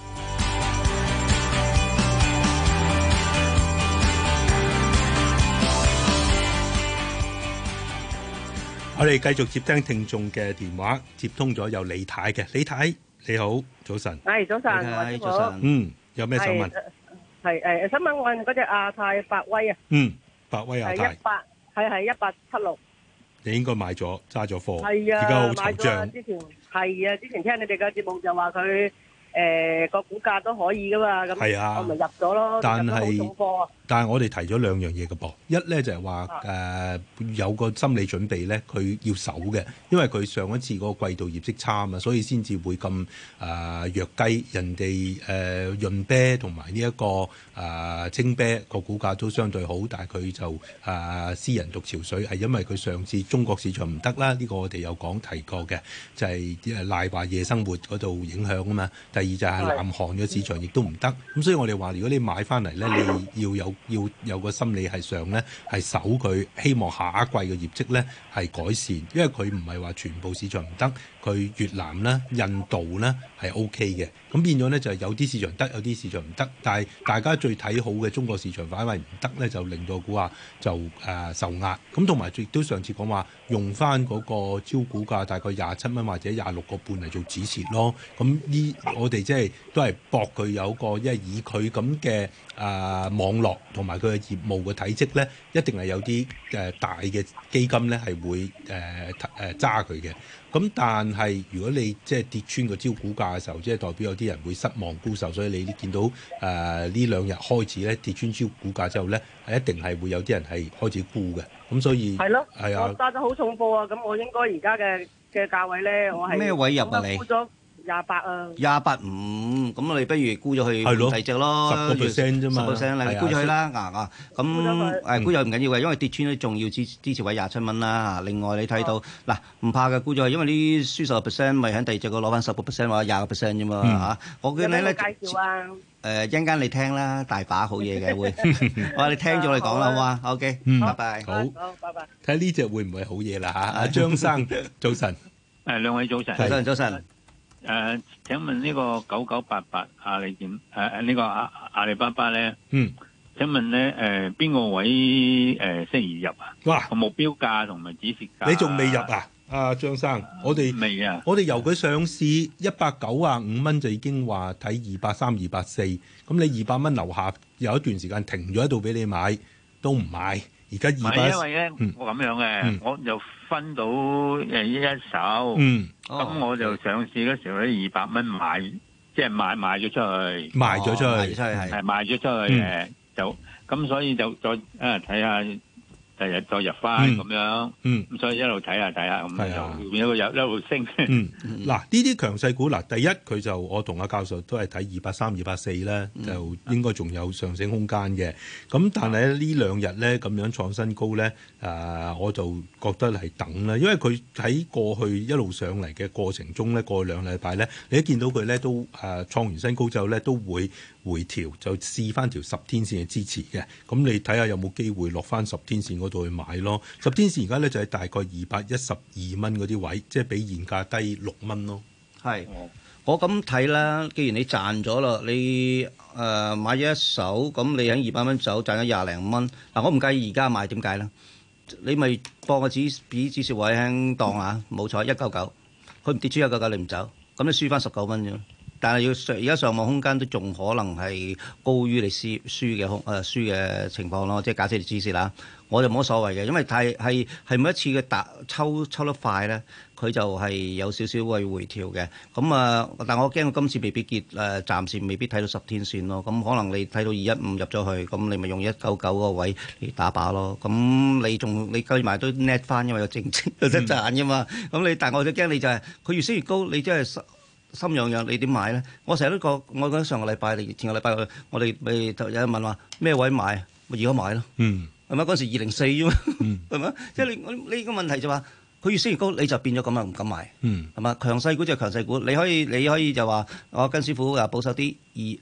我哋繼續接聽聽眾嘅電話，接通咗有李太嘅，李太你好，早晨，係 Hey, hi, 早晨，早晨，嗯，有咩想問？係誒，想問問嗰隻亞太百威啊？嗯，百威亞太，百。八係係一八七六，你應該買咗揸咗貨，係啊，而家好惆悵買咗之前係啊，之前聽你哋嘅節目就話佢誒個股價都可以噶嘛、啊，咁、啊、我咪入咗咯，但係。但係我哋提咗兩樣嘢嘅噃，一咧就係話誒有個心理準備咧，佢要守嘅，因為佢上一次嗰個季度業績差啊嘛，所以先至會咁誒弱雞。人哋誒、呃、潤啤同埋呢一個誒、呃、青啤個股價都相對好，但係佢就誒、呃、斯人獨憔悴，係因為佢上次中國市場唔得啦，呢、這個我哋有講提過嘅，就係、是、賴華夜生活嗰度影響啊嘛。第二就係南韓嘅市場亦都唔得，咁所以我哋話如果你買翻嚟咧，你要有。要有個心理係上咧，係守佢希望下一季嘅業績咧，係改善，因為佢唔係話全部市場唔得。佢越南咧、印度咧係 OK 嘅，咁變咗咧就係有啲市場得，有啲市場唔得。但係大家最睇好嘅中國市場反為唔得咧，就令到股啊就誒、呃、受壓。咁同埋亦都上次講話用翻嗰個招股價大概廿七蚊或者廿六個半嚟做指示咯。咁呢，我哋即係都係搏佢有個因為以佢咁嘅誒網絡同埋佢嘅業務嘅體積咧，一定係有啲誒、呃、大嘅基金咧係會誒誒揸佢嘅。呃呃咁但係如果你即係跌穿個招股價嘅時候，即係代表有啲人會失望沽售，所以你見到誒呢兩日開始咧跌穿招股價之後咧，係一定係會有啲人係開始沽嘅。咁所以係咯，係的、哎、呀啊，揸得好重波啊！咁我應該而家嘅嘅價位咧，我係咩位入啊？你。廿八啊！廿八五，咁我哋不如沽咗去第二隻咯，十個 percent 啫嘛，沽咗去啦，啊咁，誒沽咗唔緊要嘅，因為跌穿都仲要支支持位廿七蚊啦。另外你睇到嗱，唔怕嘅沽咗去，因為啲輸十個 percent 咪喺第二隻個攞翻十個 percent 或者廿個 percent 啫嘛嚇。我叫你咧誒，陣間你聽啦，大把好嘢嘅會，我話你聽咗你講啦，好嘛？OK，嗯，拜拜，好，拜拜。睇呢隻會唔會好嘢啦嚇？阿張生早晨，誒兩位早晨，早晨早晨。誒，uh, 請問呢個九九八八阿里點？誒、啊、誒，呢個阿阿里巴巴咧？嗯，請問咧誒，邊、呃、個位誒，星期、呃、二入啊？哇，目標價同埋指示價、啊，你仲未入啊？阿、啊、張生，我哋未啊，我哋由佢上市一百九啊五蚊就已經話睇二百三、二百四，咁你二百蚊樓下有一段時間停咗喺度俾你買，都唔買。唔係、啊、因為咧，我咁樣嘅，我就分到誒一手，咁、嗯、我就上市嘅時候咧，二百蚊買，即、就、係、是、買賣咗出去，賣咗、哦、出去，係賣咗出去誒，嗯、就咁所以就再誒睇下。第日再入翻咁樣，嗯，咁所以一路睇下睇下，咁就變咗入一路升。嗱、嗯，呢啲 強勢股嗱，第一佢就我同阿教授都係睇二百三、二百四咧，就應該仲有上升空間嘅。咁、嗯、但係呢兩日咧咁樣創新高咧，啊、呃，我就覺得係等啦，因為佢喺過去一路上嚟嘅過程中咧，過去兩禮拜咧，你一見到佢咧都啊、呃、創完新高之後咧都會回調就試翻條十天線嘅支持嘅，咁你睇下有冇機會落翻十天線嗰度去買咯。十天線而家咧就喺、是、大概二百一十二蚊嗰啲位，即係比現價低六蚊咯。係，我咁睇啦。既然你賺咗啦，你誒買咗、呃、一手咁，你喺二百蚊走賺咗廿零蚊。嗱，我唔介意而家買，點解咧？你咪幫我指止止蝕位輕當嚇，冇、嗯、錯，一九九，佢唔跌穿一九九，你唔走，咁你輸翻十九蚊啫。但係要上而家上網空間都仲可能係高於你輸輸嘅空誒輸嘅情況咯，即、呃、係假設你知先啦。我就冇乜所謂嘅，因為係係係每一次嘅打抽抽得快咧，佢就係有少少會回調嘅。咁、嗯、啊，但我驚佢今次未必結誒、呃，暫時未必睇到十天線咯。咁、嗯、可能你睇到二一五入咗去，咁、嗯、你咪用一九九嗰個位嚟打靶咯。咁你仲你計埋都 net 翻因為，有正正有得賺㗎嘛。咁你、嗯嗯、但係我最驚你就係、是、佢越升越高，你即、就、係、是。心癢癢，你點買咧？我成日都覺，我覺得上個禮拜、前個禮拜，我哋咪有有人問話咩位買？咪而家買咯。係咪嗰時二零四啫？嘛係咪？吧嗯、即係你，你個問題就話佢越升越高，你就變咗咁樣，唔敢買。係嘛、嗯？強勢股就強勢股，你可以你可以，你可以就話我跟師傅話保守啲，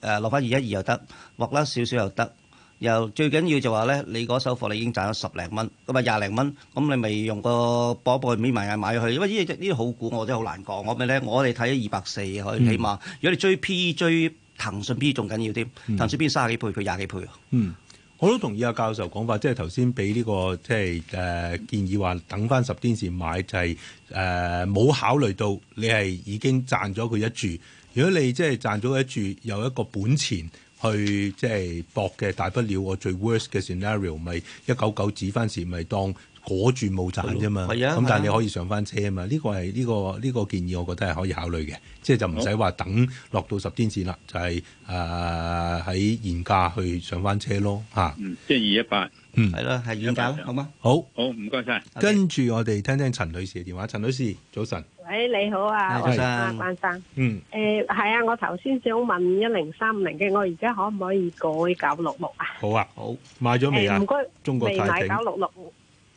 二誒落翻二一二又得，落甩少少又得。又最緊要就話咧，你嗰首貨你已經賺咗十零蚊，咁啊廿零蚊，咁你咪用個波波去搣埋人買去，因為呢啲呢啲好股我真係好難講。我咪咧？我哋睇咗二百四去，起碼如果你追 P 追騰訊 P 仲緊要啲，騰訊 P E 三十幾倍，佢廿幾倍。嗯，我都同意阿教授講法，即係頭先俾呢個即係誒建議話等翻十天前買就係誒冇考慮到你係已經賺咗佢一注，如果你即係賺咗一注有一個本錢。去即係 搏嘅，大不了我最 worst 嘅 scenario 咪一九九指翻時，咪當裹住冇賺啫嘛。咁但係你可以上翻車啊嘛。呢的個係呢、呢個呢、呢個建議，我覺得係可以考慮嘅。即係就唔使話等落到十天線啦，就係誒喺現價去上翻車咯吓，即係二一八。嗯就是嗯，係咯，係點解？長，好嘛？好，好，唔該晒。 跟住我哋聽聽陳女士嘅電話。陳女士，早晨。喂，你好啊，關生吧。生？吧嗯，誒，係啊，我頭先想問一零三零嘅，我而家可唔可以改九六六啊？好啊，好，買咗未啊？中國太平。買九六六？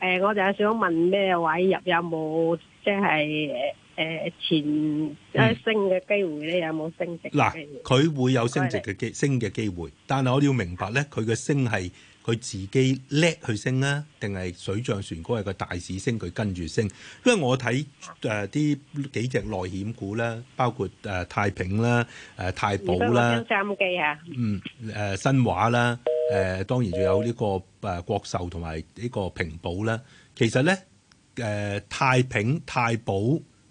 誒，我就係想問咩位入？有冇即係誒前一升嘅機會咧？嗯、有冇升值？嗱，佢會有升值嘅機升嘅機會，但係我哋要明白咧，佢嘅升係。佢自己叻去升啦、啊，定係水漲船高，係個大市升，佢跟住升。因為我睇誒啲幾隻內險股咧，包括誒、呃、太平啦、誒、呃、太保啦、不不啊、嗯誒、呃、新華啦、誒、呃、當然仲有呢、這個誒、呃、國壽同埋呢個平保啦。其實咧誒、呃、太平、太保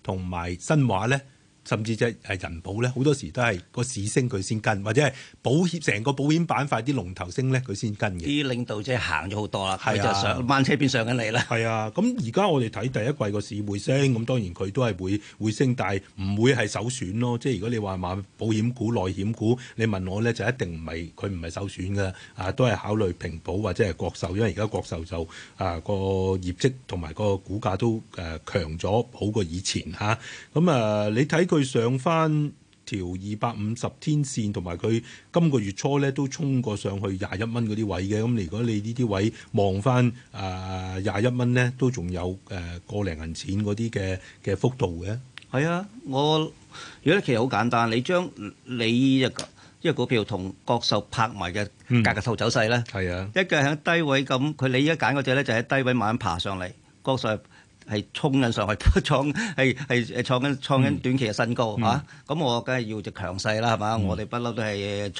同埋新華咧。甚至即係人保咧，好多時都係個市升佢先跟，或者係保險成個保險板塊啲龍頭升咧，佢先跟嘅。啲領導即係行咗好多啦，係、啊、就上慢車邊上緊你啦。係啊，咁而家我哋睇第一季個市會升，咁當然佢都係會會升，但係唔會係首選咯。即、就、係、是、如果你話買保險股、內險股，你問我咧就一定唔係佢唔係首選㗎。啊，都係考慮平保或者係國壽，因為而家國壽就啊個業績同埋個股價都誒、啊、強咗，好過以前嚇。咁啊，啊，你睇佢。上翻條二百五十天線，同埋佢今個月初咧都衝過上去廿一蚊嗰啲位嘅，咁如果你看看、呃、呢啲位望翻啊廿一蚊咧，都仲有誒個零銀錢嗰啲嘅嘅幅度嘅。係啊，我如果其實好簡單，你將你嘅一、這個股票同國壽拍埋嘅價格圖走勢咧，係、嗯、啊，一個喺低位咁，佢你依家揀嗰隻咧就喺低位慢慢爬上嚟，國壽。係衝緊上去，創係係誒創緊創緊短期嘅新高嚇。咁我梗係要隻強勢啦，係嘛？我哋不嬲都係鋤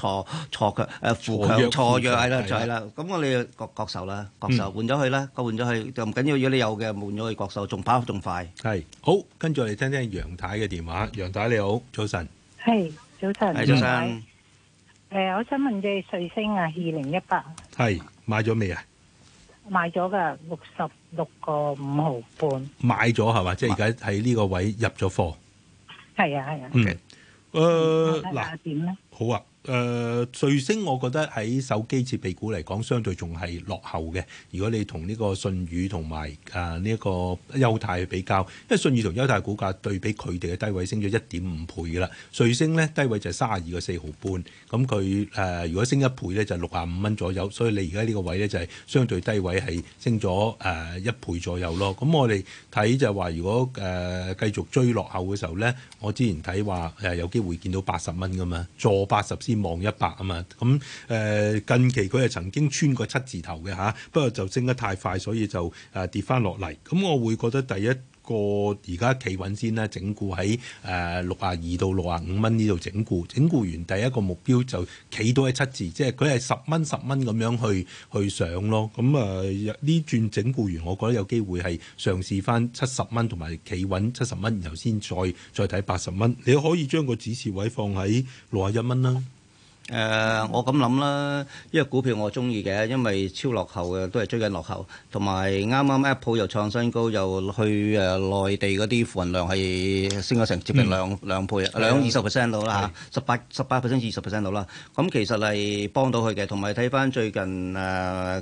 鋤強誒扶強鋤弱係啦，係啦。咁我哋國國壽啦，國壽換咗佢啦，個換咗佢就唔緊要。如果你有嘅換咗佢，國壽仲跑仲快。係好，跟住我哋聽聽楊太嘅電話。楊太你好，早晨。係早晨。係早晨。誒，我想問隻瑞聲啊，二零一八係買咗未啊？買咗噶六十六個五毫半，買咗係嘛？即係而家喺呢個位入咗貨，係啊係啊。啊嗯，誒、呃、嗱，點咧、啊？啦呢好啊。誒、呃、瑞聲，我覺得喺手機設備股嚟講，相對仲係落後嘅。如果你同呢個舜宇同埋啊呢一個丘鈦去比較，因為舜宇同丘鈦股價對比佢哋嘅低位升咗一點五倍㗎啦。瑞聲呢低位就係三十二個四毫半，咁佢誒如果升一倍呢，就六十五蚊左右。所以你而家呢個位呢，就係、是、相對低位係升咗誒一倍左右咯。咁我哋睇就係話，如果誒、呃、繼續追落後嘅時候呢，我之前睇話誒有機會見到八十蚊噶嘛，坐八十先望一百啊嘛，咁誒近期佢係曾經穿過七字頭嘅嚇，不過就升得太快，所以就誒跌翻落嚟。咁我會覺得第一個而家企穩先啦，整固喺誒六啊二到六啊五蚊呢度整固，整固完第一個目標就企到喺七字，即係佢係十蚊十蚊咁樣去去上咯。咁啊呢轉整固完，我覺得有機會係嘗試翻七十蚊同埋企穩七十蚊，然後先再再睇八十蚊。你可以將個指示位放喺六啊一蚊啦。誒、呃，我咁諗啦，因為股票我中意嘅，因為超落後嘅，都係追緊落後。同埋啱啱 Apple 又創新高，又去誒、呃、內地嗰啲付運量係升咗成接近兩、嗯、兩倍，兩二十 percent 到啦嚇，十八十八 percent 二十 percent 到啦。咁、嗯、是其實係幫到佢嘅，同埋睇翻最近誒。呃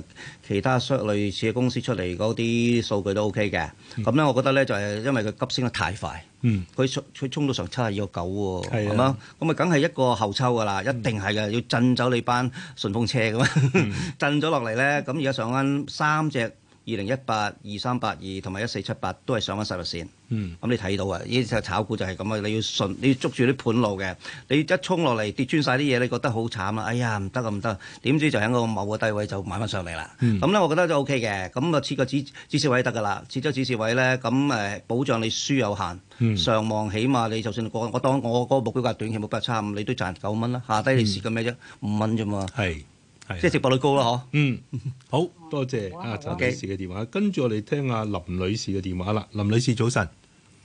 其他相類似嘅公司出嚟嗰啲數據都 OK 嘅，咁咧、嗯、我覺得咧就係因為佢急升得太快，佢衝佢衝到上七啊二個九喎，係嘛？咁咪梗係一個後抽噶啦，一定係嘅，嗯、要震走你班順風車咁，嗯、 震咗落嚟咧，咁而家上翻三隻。二零一八、二三八二同埋一四七八都係上翻十日線，咁、嗯、你睇到啊！呢隻炒股就係咁啊，你要順，你要捉住啲盤路嘅，你一衝落嚟跌穿晒啲嘢，你覺得好慘啊。哎呀唔得啊唔得，點知就喺個某個低位就買翻上嚟啦。咁咧、嗯，我覺得就 O K 嘅，咁啊設個止止蝕位得噶啦，設咗止蝕位咧，咁誒保障你輸有限，嗯、上望起碼你就算過，我當我嗰個目標價短期目標差五，你都賺九蚊啦，下低你蝕緊咩啫？五蚊啫嘛。即係值博率高啦，嗬。嗯，好多謝阿陳女士嘅電話，跟住我哋聽下林女士嘅電話啦。林女士早晨。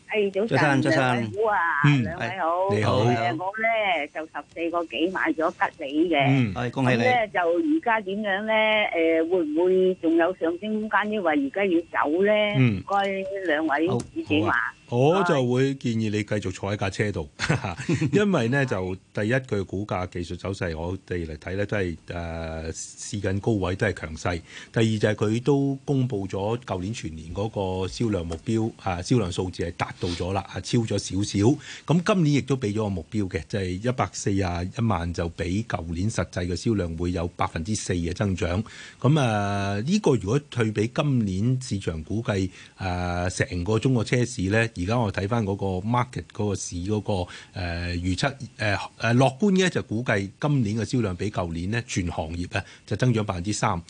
係早晨，陳生好啊，兩位好，你好。我咧就十四個幾買咗吉利嘅。嗯，係，恭喜你。咧就而家點樣咧？誒，會唔會仲有上升空間？因為而家要走咧，嗯，唔該兩位自己話。我就會建議你繼續坐喺架車度， 因為呢就第一，佢股價技術走勢，我哋嚟睇呢都係誒試緊高位都係強勢。第二就係佢都公布咗舊年全年嗰個銷量目標，啊銷量數字係達到咗啦，啊超咗少少。咁今年亦都俾咗個目標嘅，就係一百四十一萬就比舊年實際嘅銷量會有百分之四嘅增長。咁啊，呢、這個如果退比今年市場估計誒成個中國車市呢。而家我睇翻嗰個 market 嗰個市嗰、嗰個誒、呃、預測誒誒、呃、樂觀嘅就估計今年嘅銷量比舊年呢全行業咧就增長百分之三。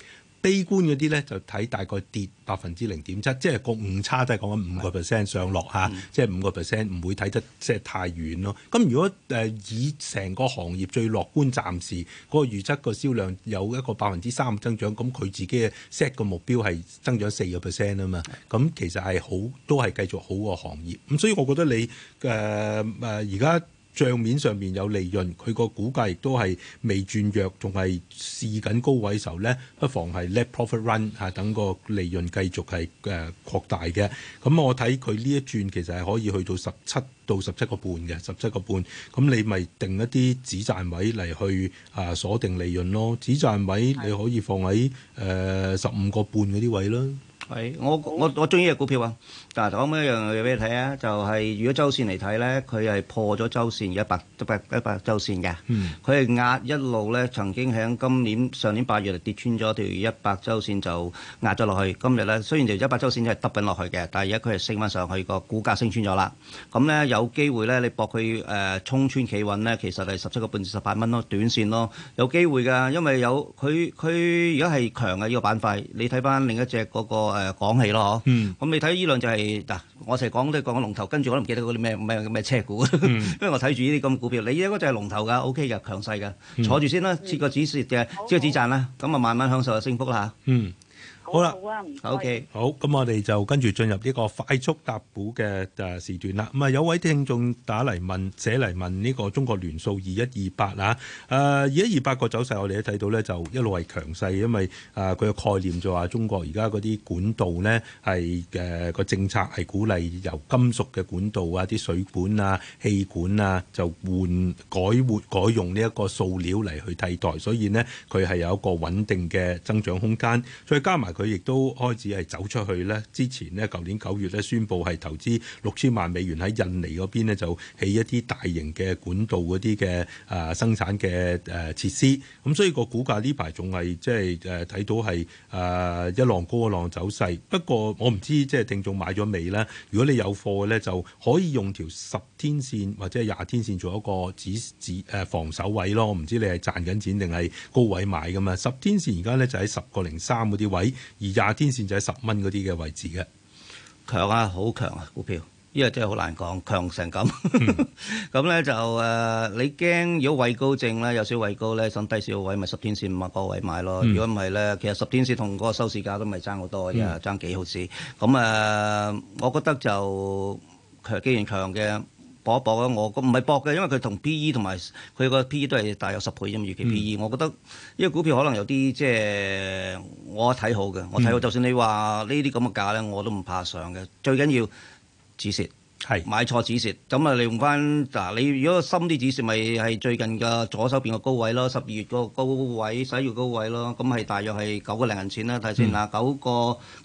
悲觀嗰啲咧就睇大概跌百分之零點七，即係個誤差都係講緊五個 percent 上落吓，嗯、即係五個 percent 唔會睇得即係太遠咯。咁如果誒、呃、以成個行業最樂觀暫時嗰、嗰個預測個銷量有一個百分之三嘅增長，咁佢自己嘅 set 個目標係增長四個 percent 啊嘛，咁的其實係好都係繼續好個行業。咁所以我覺得你誒誒而家。呃呃賬面上面有利潤，佢個股價亦都係未轉弱，仲係試緊高位嘅時候呢，不妨係 let profit run 嚇，等個利潤繼續係誒擴大嘅。咁、嗯、我睇佢呢一轉其實係可以去到十七到十七個半嘅，十七個半。咁你咪定一啲止賺位嚟去啊鎖定利潤咯。止賺位你可以放喺誒十五個半嗰啲位咯。係，我我我中意嘅股票啊。嗱，頭尾一樣嘢俾你睇啊？就係如果周線嚟睇咧，佢係破咗周線一百一百一百周線嘅。佢係壓一路咧，曾經喺今年上年八月嚟跌穿咗條一百周線，就壓咗落去。今日咧，雖然條一百周線係耷緊落去嘅，但係而家佢係升翻上去，個股價升穿咗啦。咁咧，有機會咧，你搏佢誒衝穿企穩咧，其實係十七個半至十八蚊咯，短線咯，有機會㗎。因為有佢佢而家係強嘅依個板塊，你睇翻另一隻嗰個誒港企咯，嗬。咁你睇依兩就係。嗱，我成日講都係講緊龍頭，跟住我都唔記得嗰啲咩唔咩車股，因為我睇住呢啲咁嘅股票，你依個就係龍頭㗎，O K 㗎，強勢㗎，坐住先啦，切個止蝕嘅，切個止賺啦，咁啊慢慢享受個升幅啦嚇。嗯。好啦，OK，好，咁我哋就跟住進入呢個快速答股嘅誒時段啦。咁、嗯、啊，有位聽眾打嚟問寫嚟問呢個中國聯塑二一二八啊，誒，二一二八個走勢我哋都睇到咧，就一路係強勢，因為啊，佢嘅概念就話中國而家嗰啲管道咧，係誒個政策係鼓勵由金屬嘅管道啊、啲水管啊、氣管啊，就換改活改用呢一個塑料嚟去替代，所以咧佢係有一個穩定嘅增長空間，再加埋佢。佢亦都開始係走出去咧。之前呢，舊年九月咧，宣布係投資六千萬美元喺印尼嗰邊咧，就起一啲大型嘅管道嗰啲嘅啊生產嘅誒設施。咁、嗯、所以個股價呢排仲係即係誒睇到係啊、呃、一浪高一浪走勢。不過我唔知即係聽眾買咗未呢？如果你有貨咧，就可以用條十天線或者係廿天線做一個止止誒防守位咯。我唔知你係賺緊錢定係高位買㗎嘛？十天線而家咧就喺十個零三嗰啲位。而廿天線就喺十蚊嗰啲嘅位置嘅，強啊，好強啊，股票因為、 嗯、呢個真係好難講，強成咁咁咧就誒、呃，你驚如果位高症咧，有少位高咧，想低少位咪十天線五個位買咯。如果唔係咧，其實十天線同個收市價都唔係差好多、嗯、差好多嘅，爭幾毫子。咁、呃、誒，我覺得就強，既然強嘅。搏一搏啊，我唔係搏嘅，因為佢同 P E 同埋佢個 P E 都係大約十倍啫嘛。預期 P E，我覺得呢個股票可能有啲即係我睇好嘅。我睇好，好嗯、就算你話呢啲咁嘅價咧，我都唔怕上嘅。最緊要止蝕。係是買錯止蝕，咁啊用翻嗱，你如果深啲止蝕，咪、就、係、是、最近嘅左手邊嘅高位咯，十二月個高位、十一月高位咯，咁係大約係九個零銀錢啦，睇先嗱，九、嗯、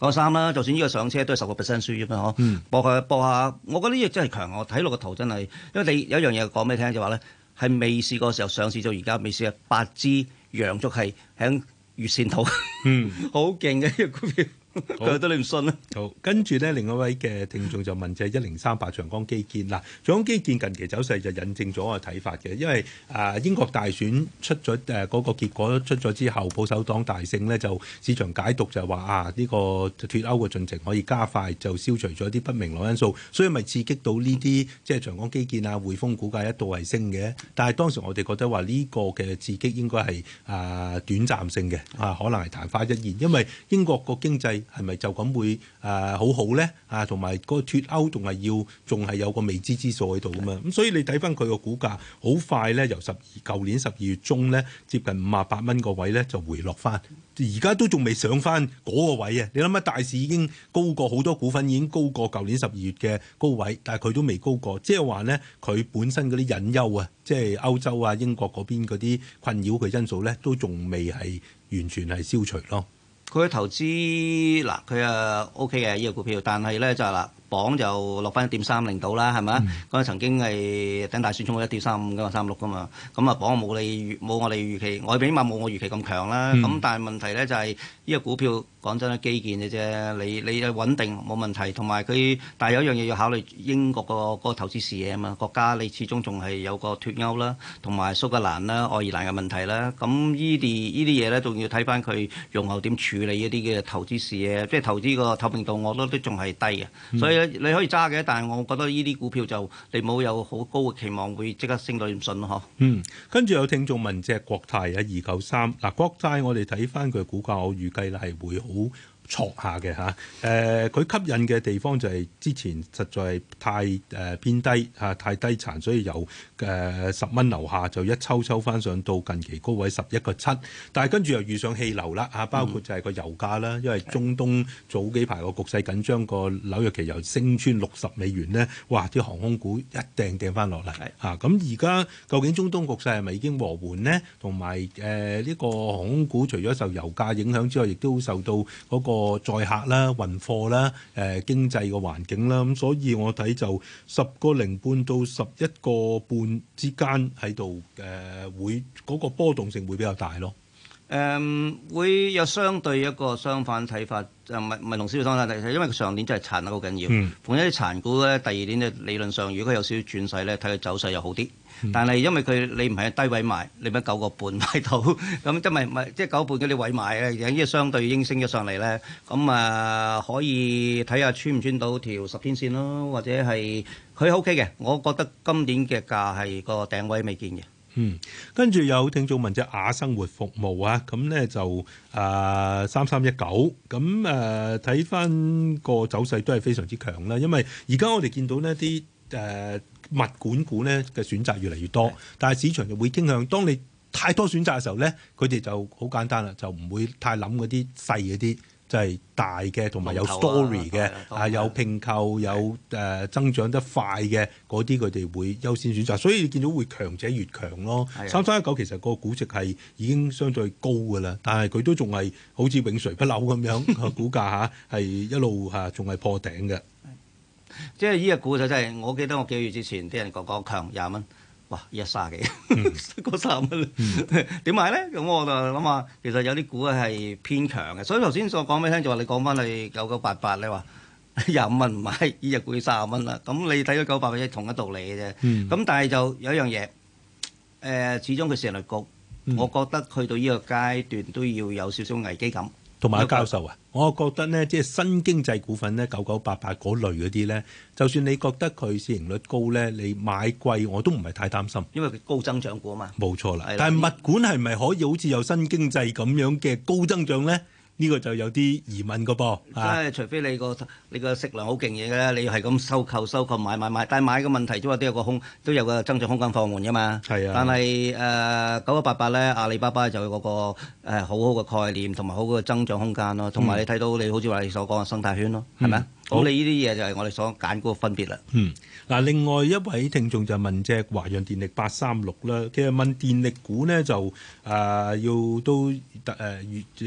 個九三啦，3，就算呢個上車都係十個 percent 輸咁啊嗬，博下博下，我覺得呢隻真係強，我睇落個圖真係，因為你有一樣嘢講俾你聽就話咧，係未試過嘅時候上市到而家未試過八支陽燭係喺月線圖，好勁嘅呢隻股票。 害 我覺得你唔信啦。好，跟住呢，另一位嘅聽眾就問就係一零三八長江基建啦。長江基建近期走勢就引證咗我睇法嘅，因為啊、呃、英國大選出咗誒嗰個結果出咗之後，保守黨大勝呢，就市場解讀就係話啊呢、呢個脱歐嘅進程可以加快，就消除咗啲不明朗因素，所以咪刺激到呢啲即係長江基建啊、匯豐股價一度係升嘅。但係當時我哋覺得話呢個嘅刺激應該係啊短暫性嘅啊，可能係曇花一現，因為英國個經濟。係咪就咁會誒、呃、好好咧？啊，同埋嗰個脱歐仲係要，仲係有個未知之數喺度噶嘛？咁的、嗯、所以你睇翻佢個股價，好快咧由十二舊年十二月中咧接近五啊八蚊個位咧就回落翻，而家都仲未上翻嗰個位啊！你諗下大市已經高過好多股份，已經高過舊年十二月嘅高位，但係佢都未高過，即係話咧佢本身嗰啲隱憂啊，即係歐洲啊、英國嗰邊嗰啲困擾嘅因素咧，都仲未係完全係消除咯。佢投資嗱，佢啊 OK 嘅呢個股票，但係咧就係啦。鎊就落翻一點三零度啦，係咪啊？嗰陣、嗯、曾經係頂大選衝一點三五噶嘛，三六噶嘛。咁啊，鎊冇你冇我哋預期，我起碼冇我預期咁強啦。咁、嗯、但係問題咧就係、是、呢個股票講真咧基建嘅啫，你你啊穩定冇問題，同埋佢。但係有一樣嘢要考慮英國個、嗰個投資事業啊嘛，國家你始終仲係有個脫歐啦，同埋蘇格蘭啦、愛爾蘭嘅問題啦。咁呢啲依啲嘢咧，仲要睇翻佢用後點處理一啲嘅投資事業，即係投資個透明度，我覺得都仲係低嘅。所以、嗯所以，所以你可以揸嘅，但係我覺得呢啲股票就你冇有好高嘅期望，會即刻升到咁順咯，嗬？嗯，跟住有聽眾問隻國泰一二九三，嗱國泰我哋睇翻佢股價，我預計咧係會好。戳下嘅吓誒，佢、啊、吸引嘅地方就係之前實在係太誒、呃、偏低啊太低殘，所以由誒十蚊樓下就一抽抽翻上到近期高位十一個七，但係跟住又遇上氣流啦嚇、啊，包括就係個油價啦，嗯、因為中東早幾排個局勢緊張個紐約期油升穿六十美元咧，哇！啲航空股一掟掟翻落嚟嚇，咁而家究竟中東局勢係咪已經和緩咧？同埋誒呢個航空股除咗受油價影響之外，亦都受到嗰、那個。個載客啦、運貨啦、誒、呃、經濟嘅環境啦，咁、嗯、所以我睇就十個零半到十一個半之間喺度誒會、嗰個波動性會比較大咯。誒、um, 會有相對一個相反睇法，就唔係唔係同市場相反睇，因為上年真係殘得好緊要。逢一啲殘股咧，第二年咧理論上，如果佢有少少轉勢咧，睇佢走勢又好啲。嗯、但係因為佢你唔係喺低位買，你咪九個半買到，咁即係唔係即係九個半嗰啲位買啊？而家相對應升咗上嚟咧，咁啊可以睇下穿唔穿到條十天線咯，或者係佢 OK 嘅。我覺得今年嘅價係個頂位未見嘅。嗯，跟住有聽眾問隻雅生活服務啊，咁咧就啊三三一九，咁誒睇返個走勢都係非常之強啦。因為而家我哋見到呢啲誒、呃、物管股咧嘅選擇越嚟越多，的但係市場就會傾向，當你太多選擇嘅時候咧，佢哋就好簡單啦，就唔會太諗嗰啲細嘢啲。就係大嘅，同埋有 story 嘅，啊有拼購，有誒增長得快嘅嗰啲，佢哋會優先選擇。所以你見到會強者越強咯。三三一九其實個估值係已經相對高㗎喇，但係佢都仲係好似永垂不朽咁樣，個股價吓係一路吓仲係破頂嘅。 即係呢隻股就真係，我記得我幾個月之前啲人講講強廿蚊。哇！一卅幾嗰卅蚊點買咧？咁我就諗下，其實有啲股係偏強嘅，所以頭先所講俾你聽就話你講翻去九九八八，你話廿五蚊唔買，呢隻股要卅蚊啦。咁你睇咗九百蚊，同一道理嘅啫。咁、嗯、但係就有一樣嘢，誒、呃，始終佢成日焗，嗯、我覺得去到呢個階段都要有少少危機感。同埋、啊、教授啊，我覺得呢，即係新經濟股份呢，九九八八嗰類嗰啲呢，就算你覺得佢市盈率高呢，你買貴我都唔係太擔心，因為佢高增長股嘛。冇錯啦，的但係物管係咪可以好似有新經濟咁樣嘅高增長呢？呢個就有啲疑問㗎噃，即係、啊、除非你個你個食量好勁嘢嘅，你係咁收購收購買買買，但係買嘅問題，即係話都有個空，都有個增長空間放緩嘅嘛。係啊，但係誒九九八八咧，阿里巴巴就有個誒、呃、好好嘅概念，同埋好好嘅增長空間咯，同埋你睇到、嗯、你好似話你所講嘅生態圈咯，係咪啊？好我哋依啲嘢就係我哋所揀嗰個分別啦。嗯，嗱，另外一位聽眾就問隻華潤電力八三六啦，其實問電力股呢，就啊、呃，要都誒、呃、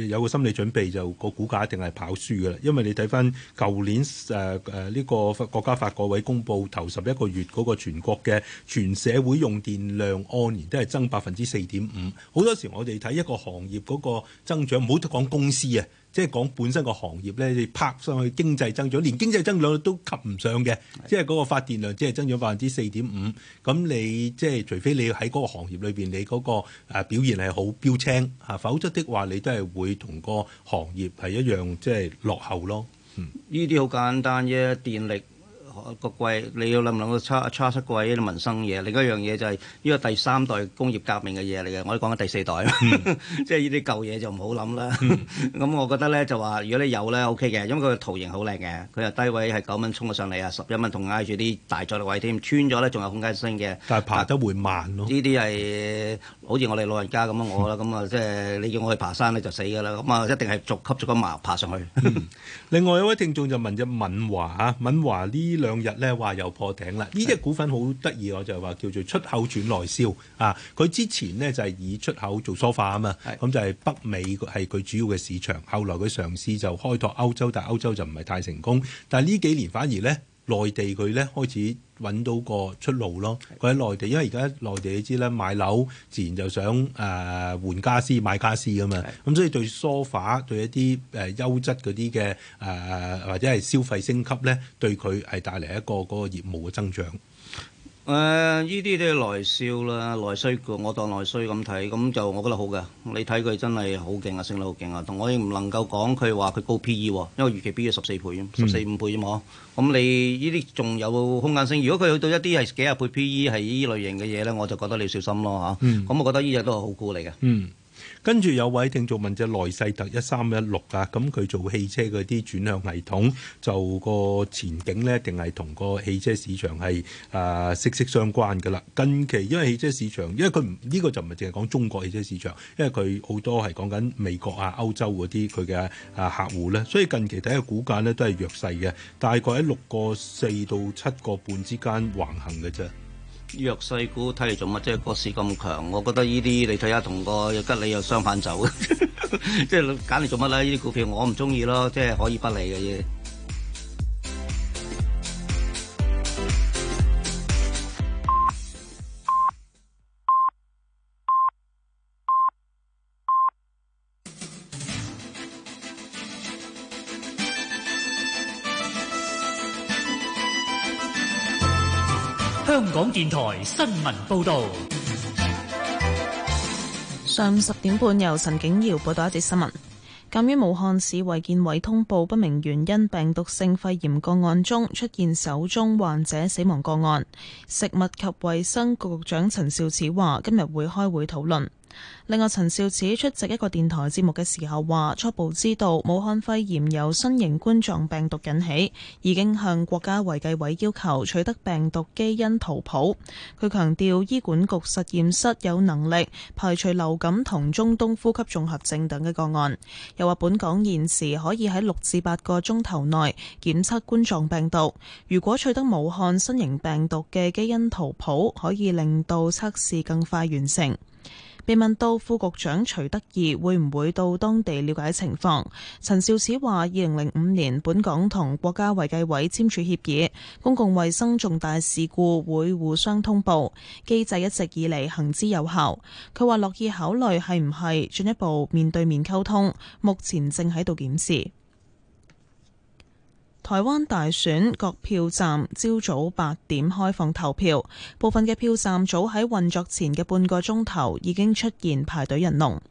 有個心理準備，就個股價一定係跑輸噶啦。因為你睇翻舊年誒誒呢個國家發改委公布頭十一個月嗰個全國嘅全社會用電量按年都係增百分之四點五。好多時我哋睇一個行業嗰個增長，唔好講公司啊。即係講本身個行業呢，你拍上去經濟增長，連經濟增長都及唔上嘅。是的 即係嗰個發電量即係增長百分之四點五，咁你即係除非你喺嗰個行業裏邊，你嗰個表現係好標青嚇，啊，否則的話你都係會同個行業係一樣即係落後咯。嗯，呢啲好簡單啫，電力。個季你要諗唔諗到差差七呢啲民生嘢？另一樣嘢就係呢個第三代工業革命嘅嘢嚟嘅，我哋講緊第四代、嗯、呵呵即係呢啲舊嘢就唔好諗啦。咁、嗯嗯、我覺得咧就話，如果你有咧 OK 嘅，因為佢嘅圖形好靚嘅，佢又低位係九蚊衝咗上嚟啊，十一蚊同挨住啲大阻力位添，穿咗咧仲有空間升嘅。但係爬得會慢咯。呢啲係好似我哋老人家咁樣、嗯、我啦，咁啊即係你叫我去爬山咧就死㗎啦，咁、嗯、啊一定係逐級逐個爬爬上去。嗯、 另外有位聽眾就問隻敏華嚇，敏華呢兩？兩日咧話又破頂啦！呢隻股份好得意，我就係話叫做出口轉內銷啊！佢之前呢就係以出口做梳化啊嘛，咁是的 就係北美係佢主要嘅市場。後來佢嘗試就開拓歐洲，但係歐洲就唔係太成功。但係呢幾年反而呢。內地佢咧開始揾到個出路咯。佢喺內地，因為而家內地你知咧買樓自然就想誒、呃、換家私、買家私㗎嘛。咁是的、嗯、所以對梳化對一啲誒、呃、優質嗰啲嘅誒或者係消費升級咧，對佢係帶嚟一個嗰、嗰個業務嘅增長。誒，依啲，呃、都係內銷啦，內需股我當內需咁睇，咁就我覺得好嘅。你睇佢真係好勁啊，升得好勁啊。同我亦唔能夠講佢話佢高 P E 喎，啊，因為預期 P E 十四倍咁，十四五倍啫嘛，啊。咁你呢啲仲有空間升。如果佢去到一啲係幾廿倍 P E 係呢類型嘅嘢咧，我就覺得你要小心咯嚇。咁，嗯啊，我覺得呢隻都係好股嚟嘅。嗯跟住有位聽眾問隻耐世特一三一六啊，咁佢做汽車嗰啲轉向系統，就個前景呢定係同個汽車市場係啊息息相關嘅啦。近期因為汽車市場，因為佢唔呢個就唔係淨係講中國汽車市場，因為佢好多係講緊美國啊、歐洲嗰啲佢嘅啊客戶呢。所以近期睇嘅股價呢都係弱勢嘅，大概喺六個四到七個半之間橫行嘅啫。弱勢股睇嚟做乜？即係個市咁強，我覺得依啲你睇下同個吉利又相反走， 即係揀嚟做乜呢？依啲股票我唔中意咯，即係可以不理嘅啫。香港電台新聞報道，上午十點半由陳景堯報道一節新聞。鑒於武漢市衛健委通報不明原因病毒性肺炎個案中出現首宗患者死亡個案，食物及衛生局局長陳肇始話，今日會開會討論。另外，陳肇始出席一個電台節目嘅時候話，初步知道武漢肺炎由新型冠狀病毒引起，已經向國家衛計委要求取得病毒基因圖譜。佢強調，醫管局實驗室有能力排除流感同中東呼吸綜合症等嘅個案，又話本港現時可以喺六至八個鐘頭內檢測冠狀病毒。如果取得武漢新型病毒嘅基因圖譜，可以令到測試更快完成。被問到副局長徐德義會唔會到當地了解情況，陳肇始話：二零零五年本港同國家衛計委簽署協議，公共衛生重大事故會互相通報，機制一直以嚟行之有效。佢話樂意考慮係唔係進一步面對面溝通，目前正喺度檢視。台灣大選各票站朝早八點開放投票，部分嘅票站早喺運作前嘅半個鐘頭已經出現排隊人龍。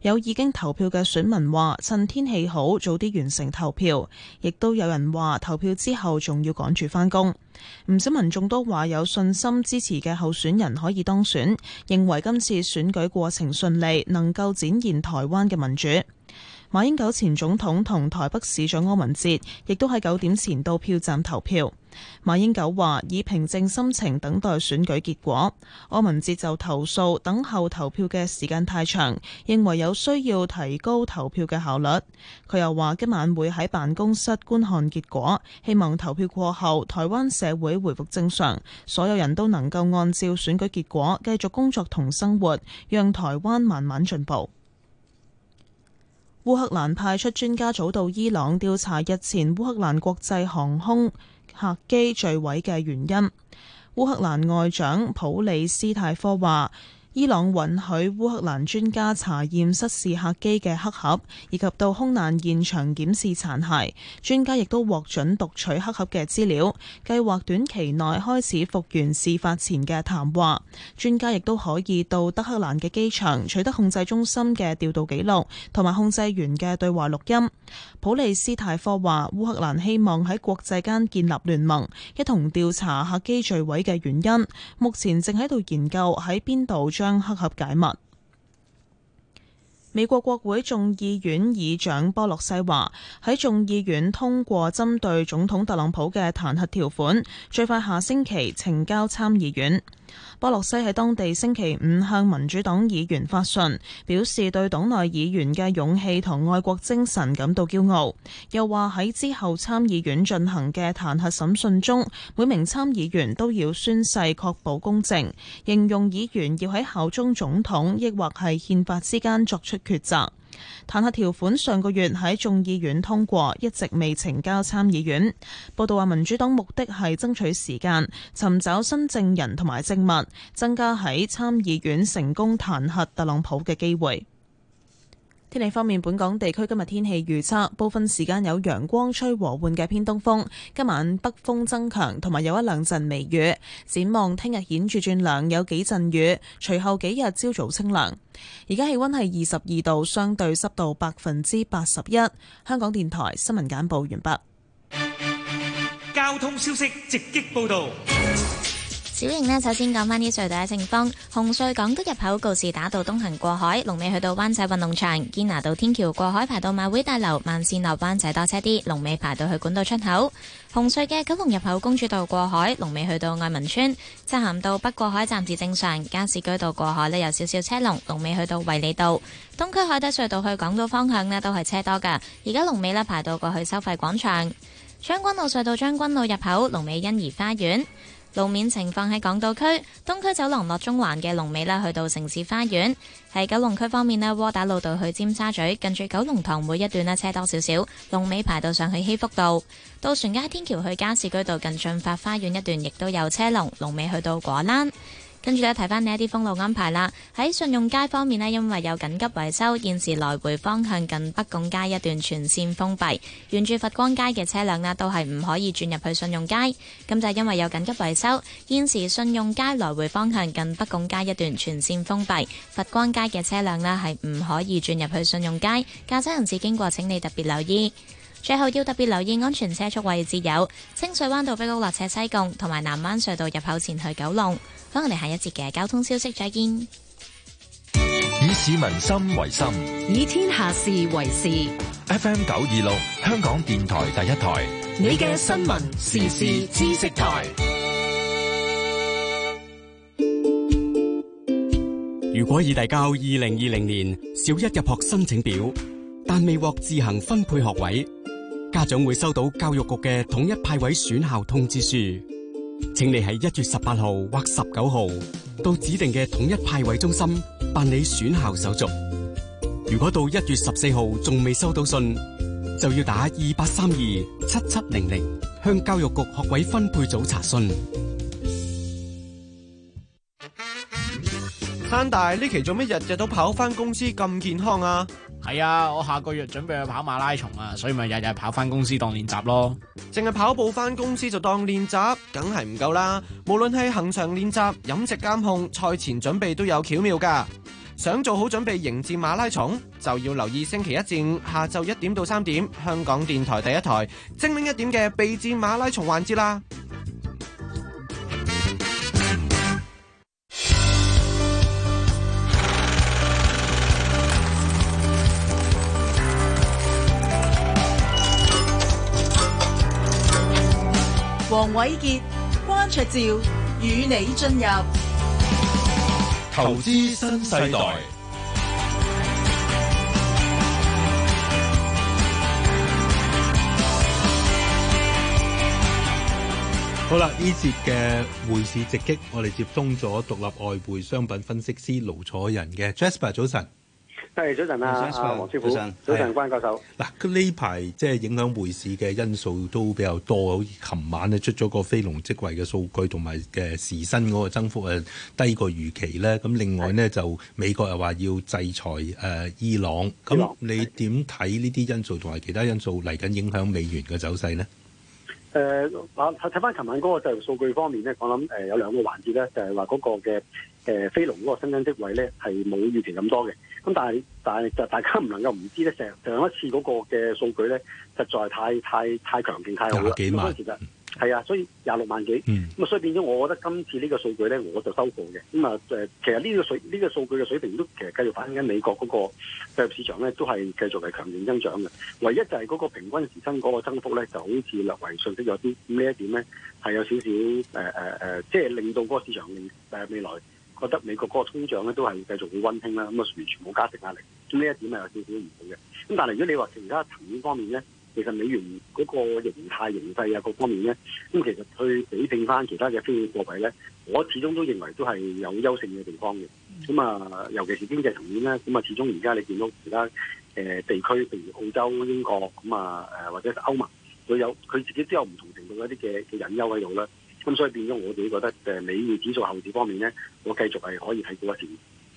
有已經投票嘅選民話：趁天氣好早啲完成投票，亦都有人話投票之後仲要趕住返工。唔少民眾都話有信心支持嘅候選人可以當選，認為今次選舉過程順利，能夠展現台灣嘅民主。馬英九前總統同台北市長柯文哲亦都喺九點前到票站投票。馬英九話以平靜心情等待選舉結果，柯文哲就投訴等候投票嘅時間太長，認為有需要提高投票嘅效率。佢又話今晚會喺辦公室觀看結果，希望投票過後台灣社會回復正常，所有人都能夠按照選舉結果繼續工作同生活，讓台灣慢慢進步。烏克蘭派出專家組到伊朗調查日前烏克蘭國際航空客機墜毀嘅原因。烏克蘭外長普里斯泰科話：伊朗允許烏克蘭專家查驗失事客機嘅黑盒，以及到空難現場檢視殘骸。專家亦都獲准讀取黑盒嘅資料，計劃短期內開始復原事發前嘅談話，專家亦都可以到德克蘭嘅機場取得控制中心嘅調度記錄同埋控制員嘅對話錄音。普利斯泰科話烏克蘭希望喺國際間建立聯盟，一同調查客機墜毀嘅原因。目前正喺度研究喺邊度將黑盒解密。美國國會眾議院議長波洛西話，喺眾議院通過針對總統特朗普嘅彈劾條款，最快下星期呈交參議院。波洛西喺當地星期五向民主黨議員發信，表示對黨內議員嘅勇氣同愛國精神感到驕傲。又話喺之後參議院進行嘅彈劾審訊中，每名參議員都要宣誓確保公正，形容議員要喺效忠總統抑或係憲法之間作出抉擇。彈劾條款上個月喺眾議院通過，一直未呈交參議院。報道話，民主黨目的係爭取時間，尋找新證人同埋證物，增加喺參議院成功彈劾特朗普嘅機會。天氣方面，本港地區今日天氣預測，部分時間有陽光，吹和緩嘅偏東風。今晚北風增強，同埋有一兩陣微雨。展望聽日顯著轉涼，有幾陣雨。隨後幾日朝早清涼。而家氣溫係二十二度，相對濕度百分之八十一。香港電台新聞簡報完畢。交通消息直擊報道。小瑩呢，首先講翻啲隧道嘅情況。紅隧港島入口告士打道東行過海，龍尾去到灣仔運動場；堅拿道天橋過海排到馬會大樓，慢線落灣仔多車啲，龍尾排到去管道出口。紅隧嘅九龍入口公主道過海，龍尾去到愛民邨；漆咸道北過海暫時正常，加士居道過海呢，有少少車龍，龍尾去到衛理道。東區海底隧道去港島方向呢，都係車多嘅，而家龍尾呢，排到過去收費廣場。將軍澳隧道將軍澳入口龍尾欣怡花園。路面情況喺港島區，東區走廊落中環嘅龍尾咧去到城市花園；喺九龍區方面呢窩打老道去尖沙咀近住九龍塘每一段咧車多少少，龍尾排到上去禧福道；到船街天橋去加士居道近駿發花園一段亦都有車龍，龍尾去到果欄。跟住咧，睇翻你一啲封路安排啦。喺信用街方面呢，因為有緊急維修，現時來回方向近北拱街一段全線封閉，沿住佛光街嘅車輛呢都係唔可以轉入去信用街。咁就係因為有緊急維修，現時信用街來回方向近北拱街一段全線封閉，佛光街嘅車輛呢係唔可以轉入去信用街。駕駛人士經過請你特別留意。最後要特別留意安全車速位置，有清水灣道壁屋落斜西貢，同埋南灣隧道入口前去九龍。等我哋下一節嘅交通消息再見。以市民心為心，以天下事為事。FM 九二六，香港電台第一台。你嘅新聞時事知識台。如果已遞交二零二零年小一入學申請表，但未獲自行分配學位，家長會收到教育局嘅統一派位選校通知書。請你喺一月十八號或十九號到指定嘅統一派位中心辦理選校手續。如果到一月十四號仲未收到信，就要打二八三二七七零零向教育局學位分配組查詢。山大呢期做咩日日都跑返公司咁健康啊？係啊，我下個月準備去跑馬拉松啊，所以咪日日跑翻公司當練習咯。淨係跑步翻公司就當練習，梗係唔夠啦。無論係行場練習、飲食監控、賽前準備，都有巧妙噶。想做好準備迎戰馬拉松，就要留意星期一至五下晝一點到三點，香港電台第一台精靈一點嘅備戰馬拉松環節啦。黃瑋傑、關焯照與你進入投資新世代。世代好啦，呢節嘅匯市直擊，我哋接通咗獨立外匯商品分析師盧楚仁嘅 Jasper，早晨。係早晨啊，黃晨師傅，早晨關教授。嗱，呢排即係影響匯市嘅因素都比較多，好似琴晚咧出咗個非農職位嘅數據同埋嘅時薪嗰個增幅啊低過預期咧。咁另外咧是就美國又話要制裁誒伊朗。咁朗你點睇呢啲因素同埋其他因素嚟緊影響美元嘅走勢咧？誒、呃，嗱，睇翻琴晚嗰個就數據方面咧，我諗誒有兩個環節咧，就係話嗰個嘅。誒、呃、飛龍嗰個新增職位咧，係冇預期咁多嘅。咁但係，但係就大家唔能夠唔知咧。上上一次嗰個嘅數據咧，實在太太太強勁太好啦。廿幾萬，其實係啊，所以廿六萬幾。咁啊、嗯，所以變咗，我覺得今次呢個數據咧，我就收貨嘅。咁、嗯、啊，誒、呃，其實呢個水呢、呢個數據嘅水平都其實繼續反映緊美國嗰個入市場咧，都係繼續係強勁增長嘅。唯一就係嗰個平均時薪嗰個增幅咧，就好似略為遜色咗啲咁呢一點咧，係有少少誒誒誒，即係令到嗰個市場誒未來。覺得美國嗰個通脹咧都係繼續會溫馨啦，咁啊完全冇加息壓力，咁呢一點係有少少唔好嘅。咁但係如果你話其他層面方面咧，其實美元嗰個形態形勢啊各方面咧，咁、嗯、其實去比拼翻其他嘅非現貨幣咧，我始終都認為都係有優勝嘅地方嘅。咁啊、嗯嗯，尤其是經濟層面咧，咁啊始終而家你見到其他誒地區，譬如澳洲、英國咁啊，誒、嗯、或者歐盟，佢有佢自己都有唔同程度一啲嘅嘅隱憂喺度啦。咁所以變咗，我自己覺得誒美匯指數後市方面咧，我繼續係可以睇高一點。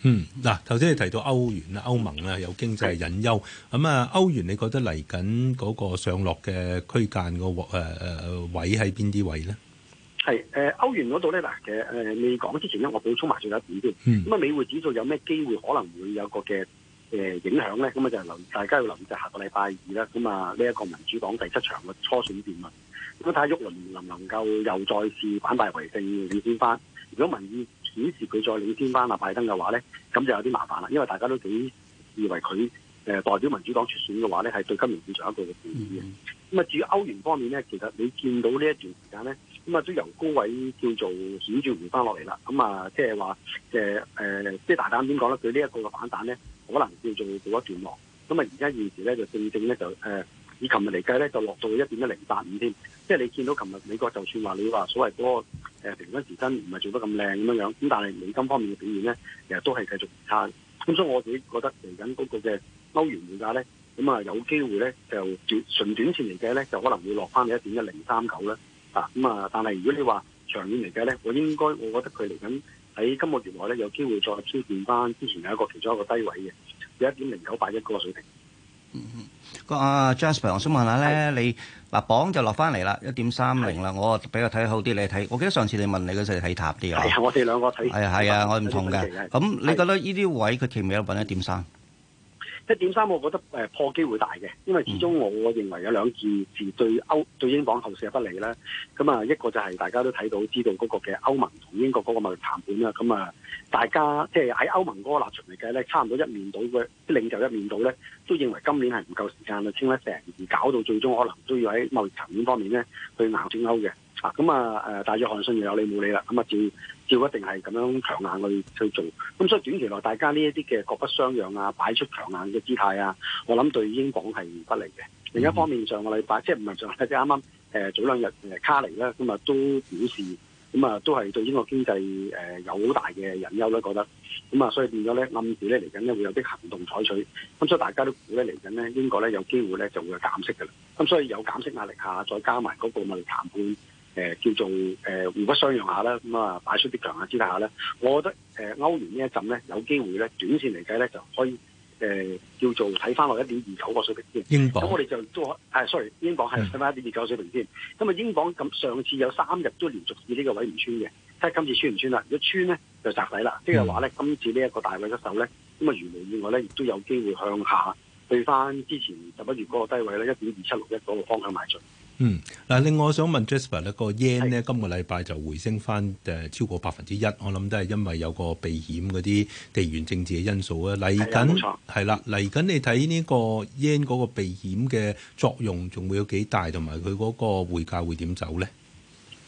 嗯，嗱，頭先你提到歐元啦、歐盟啦，有經濟隱憂。咁啊的、嗯，歐元你覺得嚟緊嗰個上落嘅區間個誒誒位喺邊啲位咧？係誒歐元嗰度咧，嗱誒誒未講之前咧，我補充埋最後一點先。咁啊、嗯，美匯指數有咩機會可能會有個嘅誒影響咧？咁啊，就係留大家要留意就下個禮拜二啦。咁啊，呢一個民主黨第七場嘅初選辯論。都睇下喐輪能唔能夠又再次反敗為勝領先翻？如果民意顯示佢再領先翻阿拜登嘅話咧，咁就有啲麻煩啦，因為大家都幾以為佢誒、呃、代表民主黨出選嘅話咧，係對金融市場一個嘅支持嘅。咁啊、嗯，至於歐元方面咧，其實你見到呢一段時間咧，咁啊，都由高位叫做顯著回翻落嚟啦。咁、嗯、啊，即係話誒誒，即、呃、係、就是呃、大膽點講咧，佢呢一個嘅反彈咧，可能叫做到一段落。咁、嗯、啊，而家現時咧就正正咧就誒。以琴日嚟計咧，就落到一點一零八五添，即係你見到琴日美國就算話你話所謂嗰、那個、呃、平均時薪唔係做得咁靚咁樣樣，咁但係美金方面嘅表現咧，其實都係繼續差。咁、嗯、所以我自己覺得嚟緊嗰個嘅歐元匯價咧，咁、嗯、啊有機會咧就短純短線嚟計咧，就可能會落翻一點一零三九啦。啊，咁、嗯、啊，但係如果你話長遠嚟計咧，我應該我覺得佢嚟緊喺今個月內咧有機會再挑戰翻之前有一個其中一個低位嘅，有一點零九八一嗰個水平。嗯嗯。個阿 Jasper，我想問問的下咧，你嗱磅就落翻嚟啦，一點三零啦，我比較睇好啲，你睇，我記得上次你問你嗰時睇塔啲啊，係啊，我哋兩個睇係啊係啊，我哋唔同嘅。咁你覺得呢啲位佢企唔企得穩一點三？嗯一點三，我覺得誒、呃、破機會大嘅，因為始終我認為有兩件事對歐對英鎊後市不利啦。咁、嗯、啊，一個就係大家都睇到知道嗰個嘅歐盟同英國嗰個貿易談判啦。咁、嗯、啊，大家即係喺歐盟嗰個立場嚟計咧，差唔多一面倒嘅，領袖一面倒咧，都認為今年係唔夠時間去清甩成年，搞到最終可能都要喺貿易談判方面咧去硬穿歐嘅。啊咁啊誒，大約韓信又有你冇理啦，咁啊照照一定係咁樣強硬去去做。咁所以短期內大家呢一啲嘅各不相讓啊，擺出強硬嘅姿態啊，我諗對英港係不利嘅。另一方面上，嗯啊、上個禮拜即係唔係上個禮拜即啱啱誒早兩日誒卡尼啦，咁、嗯、啊都表示，咁、嗯、啊都係對英國經濟誒有好大嘅隱憂啦。覺得。咁、嗯、啊，所以變咗咧暗示咧嚟緊咧會有啲行動採取。咁所以大家都估咧嚟緊咧英國咧有機會咧就會減息嘅啦。咁所以有減息壓力下，再加埋嗰、那個咪談判。誒、呃、叫做誒互、呃、不相讓下啦，咁啊擺出啲強壓之下咧，我覺得誒、呃、歐元呢一陣咧有機會咧短線嚟計咧就可以誒、呃、叫做睇翻落一點二九個水平先。英鎊咁我哋就都係 sorry，英鎊係睇翻一點二九個水平先。咁啊英鎊咁上次有三日都連續以呢個位唔穿嘅，睇下今次穿唔穿啦？如果穿咧就砸底啦，即係話咧今次呢一個大位嘅手咧，咁啊如無意外咧，亦都有機會向下對翻之前十一月嗰個低位咧一點二七六一嗰個方向邁進。嗯，嗱，另外我想問 Jasper 呢個 yen 咧，是的 今個禮拜就回升翻誒超過百分之一，我諗都係因為有個避險嗰啲地緣政治嘅因素，啊嚟緊係啦，嚟緊你睇呢個 yen 嗰個避險嘅作用仲會有幾大，同埋佢嗰個匯價會點走咧？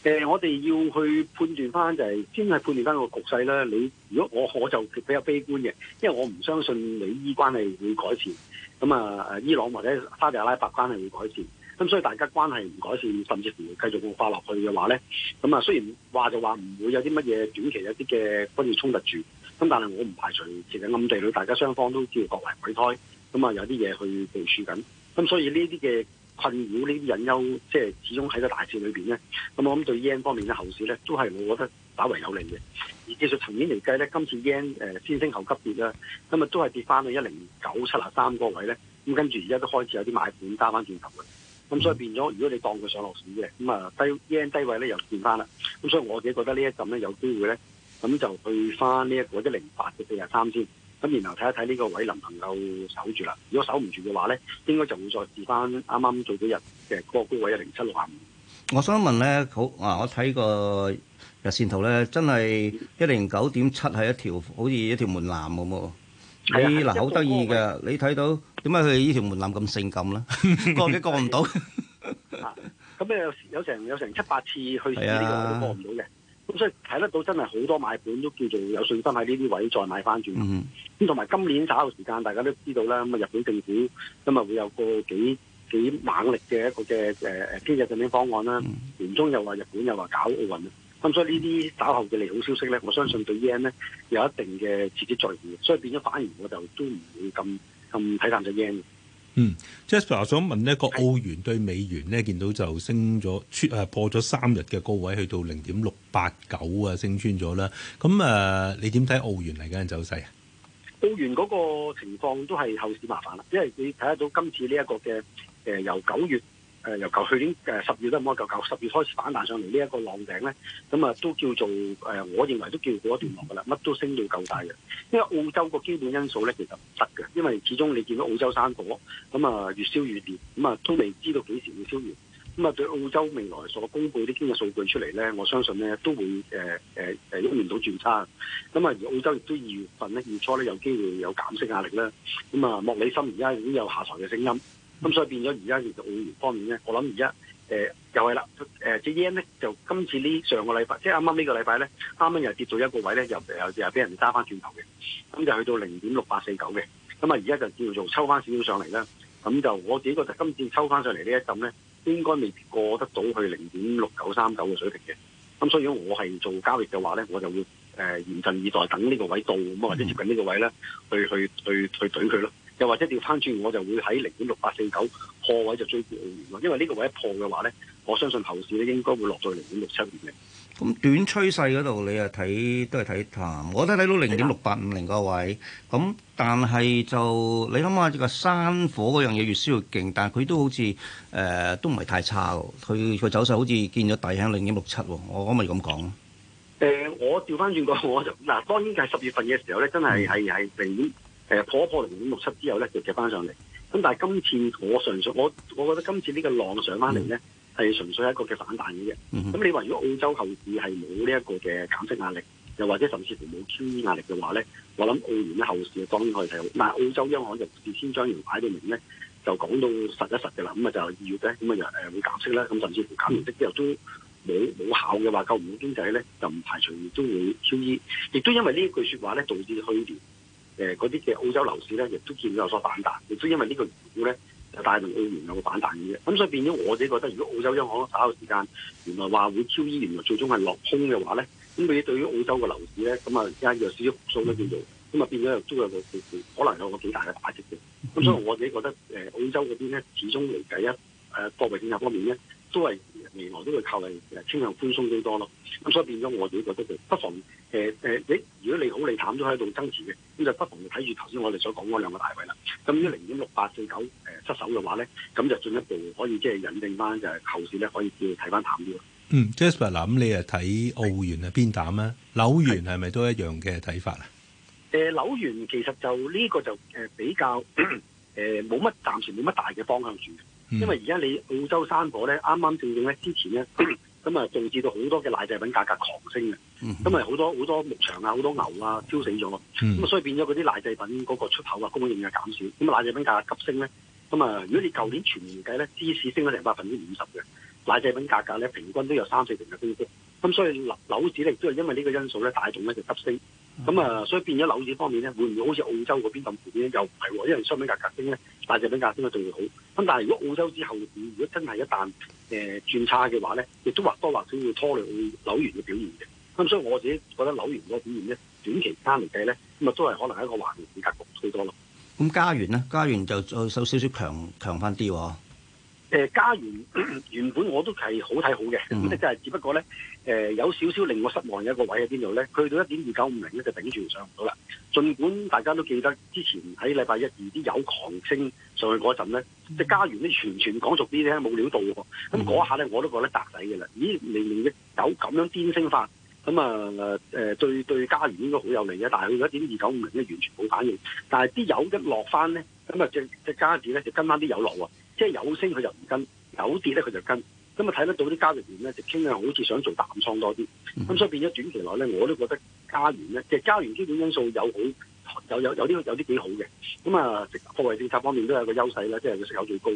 誒、呃，我哋要去判斷翻就係、是、先係判斷翻個局勢啦。你如果我我就比較悲觀嘅，因為我唔相信美伊關係會改善，咁啊誒伊朗或者沙特阿拉伯關係會改善。咁、嗯、所以大家關係唔改善，甚至乎繼續惡化落去嘅話咧，咁、嗯、啊雖然話就話唔會有啲乜嘢短期有啲嘅軍事衝突住，咁、嗯、但係我唔排除其實暗地裏大家雙方都知道各懷鬼胎，咁、嗯、啊、嗯、有啲嘢去部署緊。咁、嗯、所以呢啲嘅困擾、呢啲隱憂，即係始終喺個大市裏邊咧。咁、嗯、我諗對 yen 方面嘅後市咧，都係我覺得稍為有利嘅。而技術層面嚟計咧，今次 yen、呃、先升後急、嗯嗯、跌啦，咁啊都係跌翻去一零九七廿三嗰個位咧。咁、嗯、跟住而家都開始有啲買盤加翻轉頭嘅。咁、嗯、所以變咗，如果你當佢上落市嘅，咁啊低 i 低，低位咧又見翻啦。咁所以我自己覺得呢一陣咧有機會咧，咁就去翻呢一個一零八嘅四廿三先。咁然後睇一睇呢個位能唔能夠守住啦？如果守唔住嘅話咧，應該就會再試翻啱啱做幾日嘅嗰個高位一零七六五。我想問咧，好啊，我睇個日線圖咧，真係一零九點七係一條好似一條門檻咁喎。你嗱，好得意㗎！你睇到點解佢呢條門檻咁性感咧？ 過幾過唔到？咁咧、 啊、有有，有成有成七八次去試呢個位都過唔到嘅。咁的所以睇得到真係好多買盤都叫做有信心喺呢啲位再買翻轉。咁同埋今年稍後時間，大家都知道啦。咁啊，日本政府今日會有個幾幾猛力嘅一個嘅誒誒經濟緊張方案啦。年、嗯、中又話日本又話搞奧運。咁所以呢啲稍後嘅利好消息咧，我相信對 yen 咧有一定嘅直接作用嘅，所以變咗反而我就都唔會咁咁睇淡咗 yen。嗯，Jessica 想問呢個澳元對美元呢，是的 見到就升咗穿出破咗三日嘅高位，去到零點六八九啊，升穿咗啦。咁誒、呃，你點睇澳元嚟緊嘅走勢啊？澳元嗰個情況都係後市麻煩啦，因為你睇得到今次呢一個嘅誒、呃、由九月。誒由舊去年誒十月都冇得救救，十月開始反彈上嚟呢一個浪頂咧，咁啊都叫做誒，我認為都叫過一段浪㗎啦，乜都升到夠大嘅。因為澳洲個基本因素咧，其實唔得嘅，因為始終你見到澳洲山火咁啊越燒越熱，咁啊都未知道幾時會燒完。咁啊對澳洲未來所公布啲經濟數據出嚟咧，我相信咧都會誒誒誒用唔到轉差。咁啊而澳洲亦都二月份咧月初咧有機會有減息壓力啦。咁啊莫里森而家已經有下台嘅聲音。咁、嗯、所以變咗而家其實會員方面咧，我諗而家誒又係啦，誒隻 e n 咧就今次呢上個禮拜，即係啱啱呢個禮拜咧，啱啱又跌到一個位咧，又又又俾人揸翻轉頭嘅，咁就去到零點六八四九嘅，咁啊而家就叫做抽翻少少上嚟啦，咁就我自己覺得今次抽翻上嚟呢一陣咧，應該未必過得到去零點六九三九嘅水平嘅，咁所以如果我係做交易嘅話咧，我就會誒、呃、嚴陣以待等呢個位到咁啊，或者接近呢個位咧，去去去去懟佢咯。又或者調翻轉，我就會喺零點六八四九破位就追住嚟咯。因為呢個位一破嘅話咧，我相信後市咧應該會落到零點六七五零。咁短趨勢嗰度你啊睇都係睇淡，我都睇到零點六八五零個位。咁、嗯、但係就你諗下呢個山火嗰樣嘢越燒越勁，但係佢都好似誒、呃、都唔係太差咯。佢走勢好似見咗底向零點六七喎。我可唔可以咁講？誒，我調翻轉講，我就嗱、呃啊，當然係十月份嘅時候咧，真係係係零誒破破零五六七之後咧，就夾翻上嚟。咁但係今次我純粹我，我覺得今次呢個浪上翻嚟咧，係純粹係一個嘅反彈嘅啫。咁、mm hmm. 你話如果澳洲後市係冇呢一個嘅減息壓力，又或者甚至乎冇 QE 壓力嘅話咧，我諗澳元嘅後市當然可以睇好。嗱，澳洲央行就先將搖擺到明咧，就講到實一實嘅啦。咁啊就二月咧，咁啊就誒會減息啦。咁甚至乎減完息之後都冇冇考嘅話，救唔到經濟咧，就唔排除都會 QE。亦都因為呢句説話咧，導致去年。誒嗰啲嘅澳洲樓市咧，亦都見到有所反彈，亦都因為個呢個原股咧，就帶動澳元有個反彈嘅。咁、嗯、所以變咗，我自己覺得，如果澳洲央行打開時間，原來話會 QE，原來最終係落空嘅話咧，咁你對於澳洲嘅樓市咧，咁啊而家有少少復甦咧叫做，咁啊變咗又都有，有個可能有個幾大嘅打擊嘅。咁、嗯、所以我自己覺得，誒、呃、澳洲嗰邊咧，始終嚟計一誒貨幣政策方面咧，都係。未來都會靠嚟，誒，傾向寬鬆居多咯。咁所以變咗，我哋覺得就不妨誒誒，你如果你好你淡咗喺度增持嘅，咁就不妨就睇住頭先我哋所講嗰兩個大位啦。咁一零點六八四九誒失守嘅話咧，咁就進一步可以即係引證翻，就係、是、後市咧可以要睇翻淡啲咯。嗯，Jasper 嗱，per, 你誒睇澳元係偏淡啊，紐元係咪都一樣嘅睇法啊？誒、呃，紐元其實就呢、這個就誒比較誒冇乜暫時冇乜大嘅方向住。因為而家你澳洲山火咧，啱啱正正咧，之前咧，咁啊導致到好多嘅奶製品價格狂升嘅，咁啊好多好多牧場啊，好多牛啊，燒死咗，咁啊所以變咗嗰啲奶製品嗰個出口啊供應又減少，咁奶製品價格急升咧，咁啊如果你舊年全年計咧，芝士升咗成百分之五十嘅，奶製品價格咧平均都有三四成嘅升幅，咁所以樓樓市咧亦都係因為呢個因素咧，帶動咧就急升。咁啊，嗯嗯、所以變咗樓市方面咧，會唔會好似澳洲嗰邊咁好？又唔係喎，因為商品價格升咧，大隻品價升得仲要好。咁但係如果澳洲之後，如果真係一旦誒、呃、轉差嘅話咧，亦都或多或少會拖累到樓盤嘅表現嘅。咁、嗯、所以我自己覺得樓盤嗰個表現咧，短期差嚟計咧，咁啊都係可能喺一個橫盤格局最多咯。咁加元咧，加元就再有少少強強翻啲喎。加元、呃、原本我都係好睇好嘅，咁咧就只不過咧。誒、呃、有少少令我失望嘅一個位喺邊度咧？去到一點二九五零咧就頂住上唔到啦。儘管大家都記得之前喺禮拜一二啲油狂升上去嗰陣咧，即、嗯、家加元啲全全講俗啲咧冇料到喎。咁嗰下咧我都覺得砸底嘅啦。咦，明明嘅油咁樣癲升法咁啊誒、呃、對對加元應該好有利嘅，但係去到一點二九五零咧完全冇反應。但係啲油一落翻咧，咁啊只隻加字咧就跟翻啲油落喎，即係油升佢就唔跟，油跌咧佢就跟。咁啊睇得到啲交易員咧，直稱咧好似想做淡倉多啲，咁所以變咗短期內咧，我都覺得加元咧，即係加元基本因素有好，有有有啲有啲幾好嘅。咁啊，貨幣政策方面都有個優勢啦，即係佢息口最高。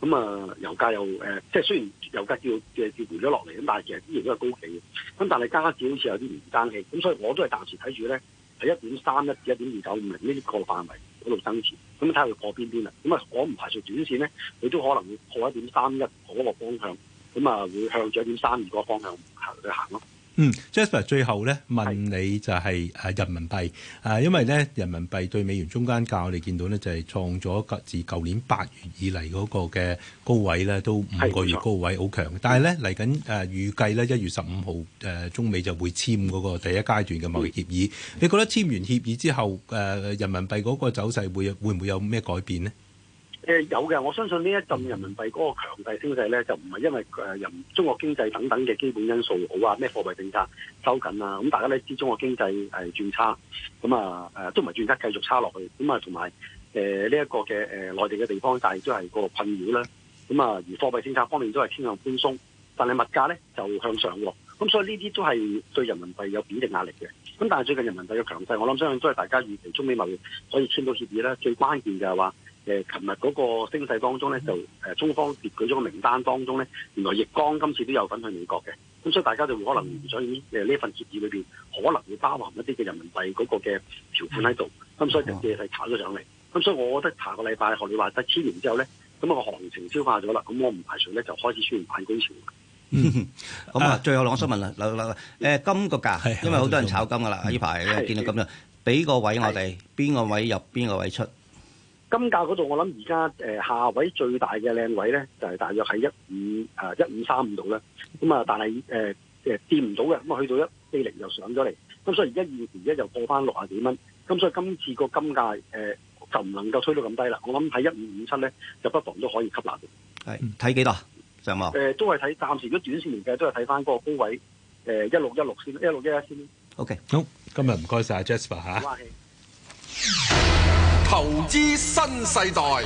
咁啊，油價又誒，即係雖然油價叫嘅叫回咗落嚟咁，但係其實依然都係高企嘅。咁但係加幣好似有啲唔爭氣，咁所以我都係暫時睇住咧係一點三一至一點二九五零呢啲個範圍喺度增持，咁睇下佢破邊邊啦。咁啊，我唔排除短線咧，佢都可能會破一點三一嗰個方向。咁啊，會向著一點三二個方向行去行咯。嗯，Jasper 最後咧問你就係誒人民幣啊，因為咧人民幣對美元中間價，我哋見到呢就係、是、創咗個自舊年八月以嚟嗰個嘅高位咧，都五個月高位好強。是但係咧嚟緊誒預計咧一月十五號誒中美就會簽嗰個第一階段嘅貿易協議。是你覺得簽完協議之後誒、呃、人民幣嗰個走勢會會唔會有咩改變呢？誒、呃、有嘅，我相信呢一陣人民幣嗰個強勢升勢咧，就唔係因為誒人、呃、中國經濟等等嘅基本因素好啊，咩貨幣政策收緊啊，咁大家咧知中國經濟誒、呃、轉差，咁、嗯、啊誒都唔係轉差，繼續差落去，咁、嗯、啊同埋誒呢一個嘅誒、呃、內地嘅地方，但大都係個困擾啦，咁啊而貨幣政策方面都係偏向寬鬆，但係物價咧就向上喎，咁、嗯、所以呢啲都係對人民幣有貶值壓力嘅，咁、嗯、但係最近人民幣嘅強勢，我諗相信都係大家預期中美貿易可以簽到協議咧，最關鍵就係話。誒，琴日嗰個升勢當中咧，就誒中方列舉咗個名單當中咧，原來易綱今次都有份去美國嘅，咁、嗯、所以大家就可能唔想呢呢份協議裏邊可能會包含一啲嘅人民幣嗰個嘅條款喺度，咁、嗯、所以就借勢炒咗上嚟，咁、嗯、所以我覺得下個禮拜學你話齋千年之後咧，咁個行情消化咗啦，咁我唔排除咧就開始出現反攻潮。咁啊，最後我想問啊，誒、呃、金個價，因為好多人炒金噶啦，呢排見到咁樣，俾個位我哋，邊個位入，邊個位出？金價嗰度，我諗而家誒下位最大嘅靚位咧，就係、是、大約喺一五誒一五三五度咧。咁啊，但係誒誒跌唔到嘅，咁啊去到一四零又上咗嚟。咁、嗯、所以而家二月二一又過翻六啊幾蚊。咁、嗯、所以今次個金價誒就唔能夠推到咁低啦。我諗喺一五五七咧，就不, 15, 5, 7, 就不妨都可以吸納。係睇幾多上望？誒、呃，都係睇暫時。如果短綫嚟計，都係睇翻嗰個高位。誒、呃，一六一六先，一六一六先。O Okay . K、哦。好、啊，今日唔該晒 Jasper 吓。投資新世代。嗱、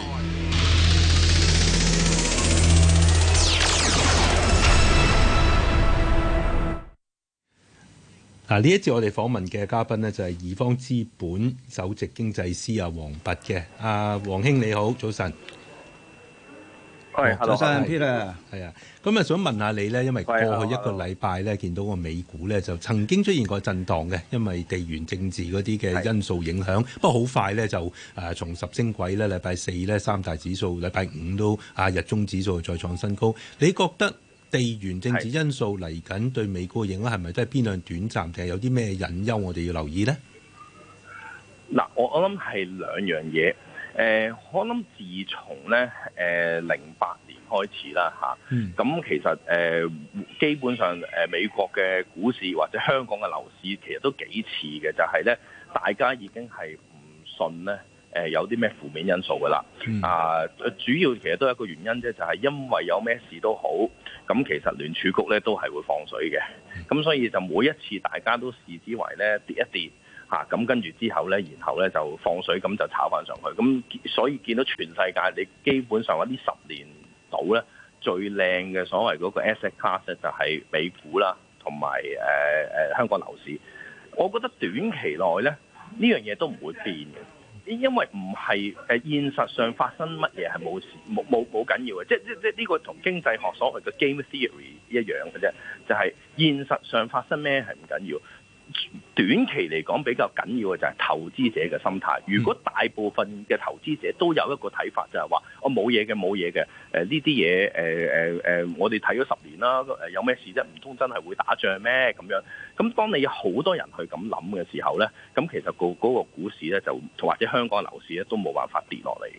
啊，呢一次我哋訪問嘅嘉賓呢，就係、是、易方資本首席經濟師阿黃拔嘅，阿、啊、黃兄你好，早晨。係，早晨，Peter 係啊，咁啊，想問下你呢，因為過去一個禮拜呢，見到個美股呢，就曾經出現過震盪嘅，因為地緣政治嗰啲嘅因素影響，不過好快呢，就誒從十星軌呢，禮拜四呢，三大指數，禮拜五都啊日中指數再創新高。你覺得地緣政治因素嚟緊對美股嘅影響係咪都係偏向短暫，定係有啲咩隱憂我哋要留意呢？嗱，我我諗係兩樣嘢。誒，我諗、呃、自從咧，誒零八年開始啦，嚇、啊，咁、嗯、其實誒、呃、基本上誒、呃、美國嘅股市或者香港嘅樓市，其實都幾似嘅，就係、是、咧大家已經係唔信咧誒、呃、有啲咩負面因素嘅啦。嗯、啊，主要其實都係一個原因啫，就係、是、因為有咩事都好，咁其實聯儲局咧都係會放水嘅，咁所以就每一次大家都視之為咧跌一跌。嚇咁、啊、跟住之後咧，然後咧就放水，咁就炒翻上去。咁所以見到全世界，你基本上喺呢十年度咧，最靚嘅所謂嗰個 asset class 就係、是、美股啦，同埋誒誒香港樓市。我覺得短期內咧，呢樣嘢都唔會變嘅，因為唔係誒現實上發生乜嘢係冇事冇冇冇緊要嘅，即係即即呢、這個同經濟學所謂嘅 game theory 一樣嘅啫，就係、是、現實上發生咩係唔緊要。短期嚟講比較緊要嘅就係投資者嘅心態。如果大部分嘅投資者都有一個睇法，就係話我冇嘢嘅冇嘢嘅，誒呢啲嘢誒誒誒，我哋睇咗十年啦，誒有咩事啫？唔通真係會打仗咩？咁樣咁，當你有好多人去咁諗嘅時候咧，咁其實個嗰股市咧就或者香港樓市咧都冇辦法跌落嚟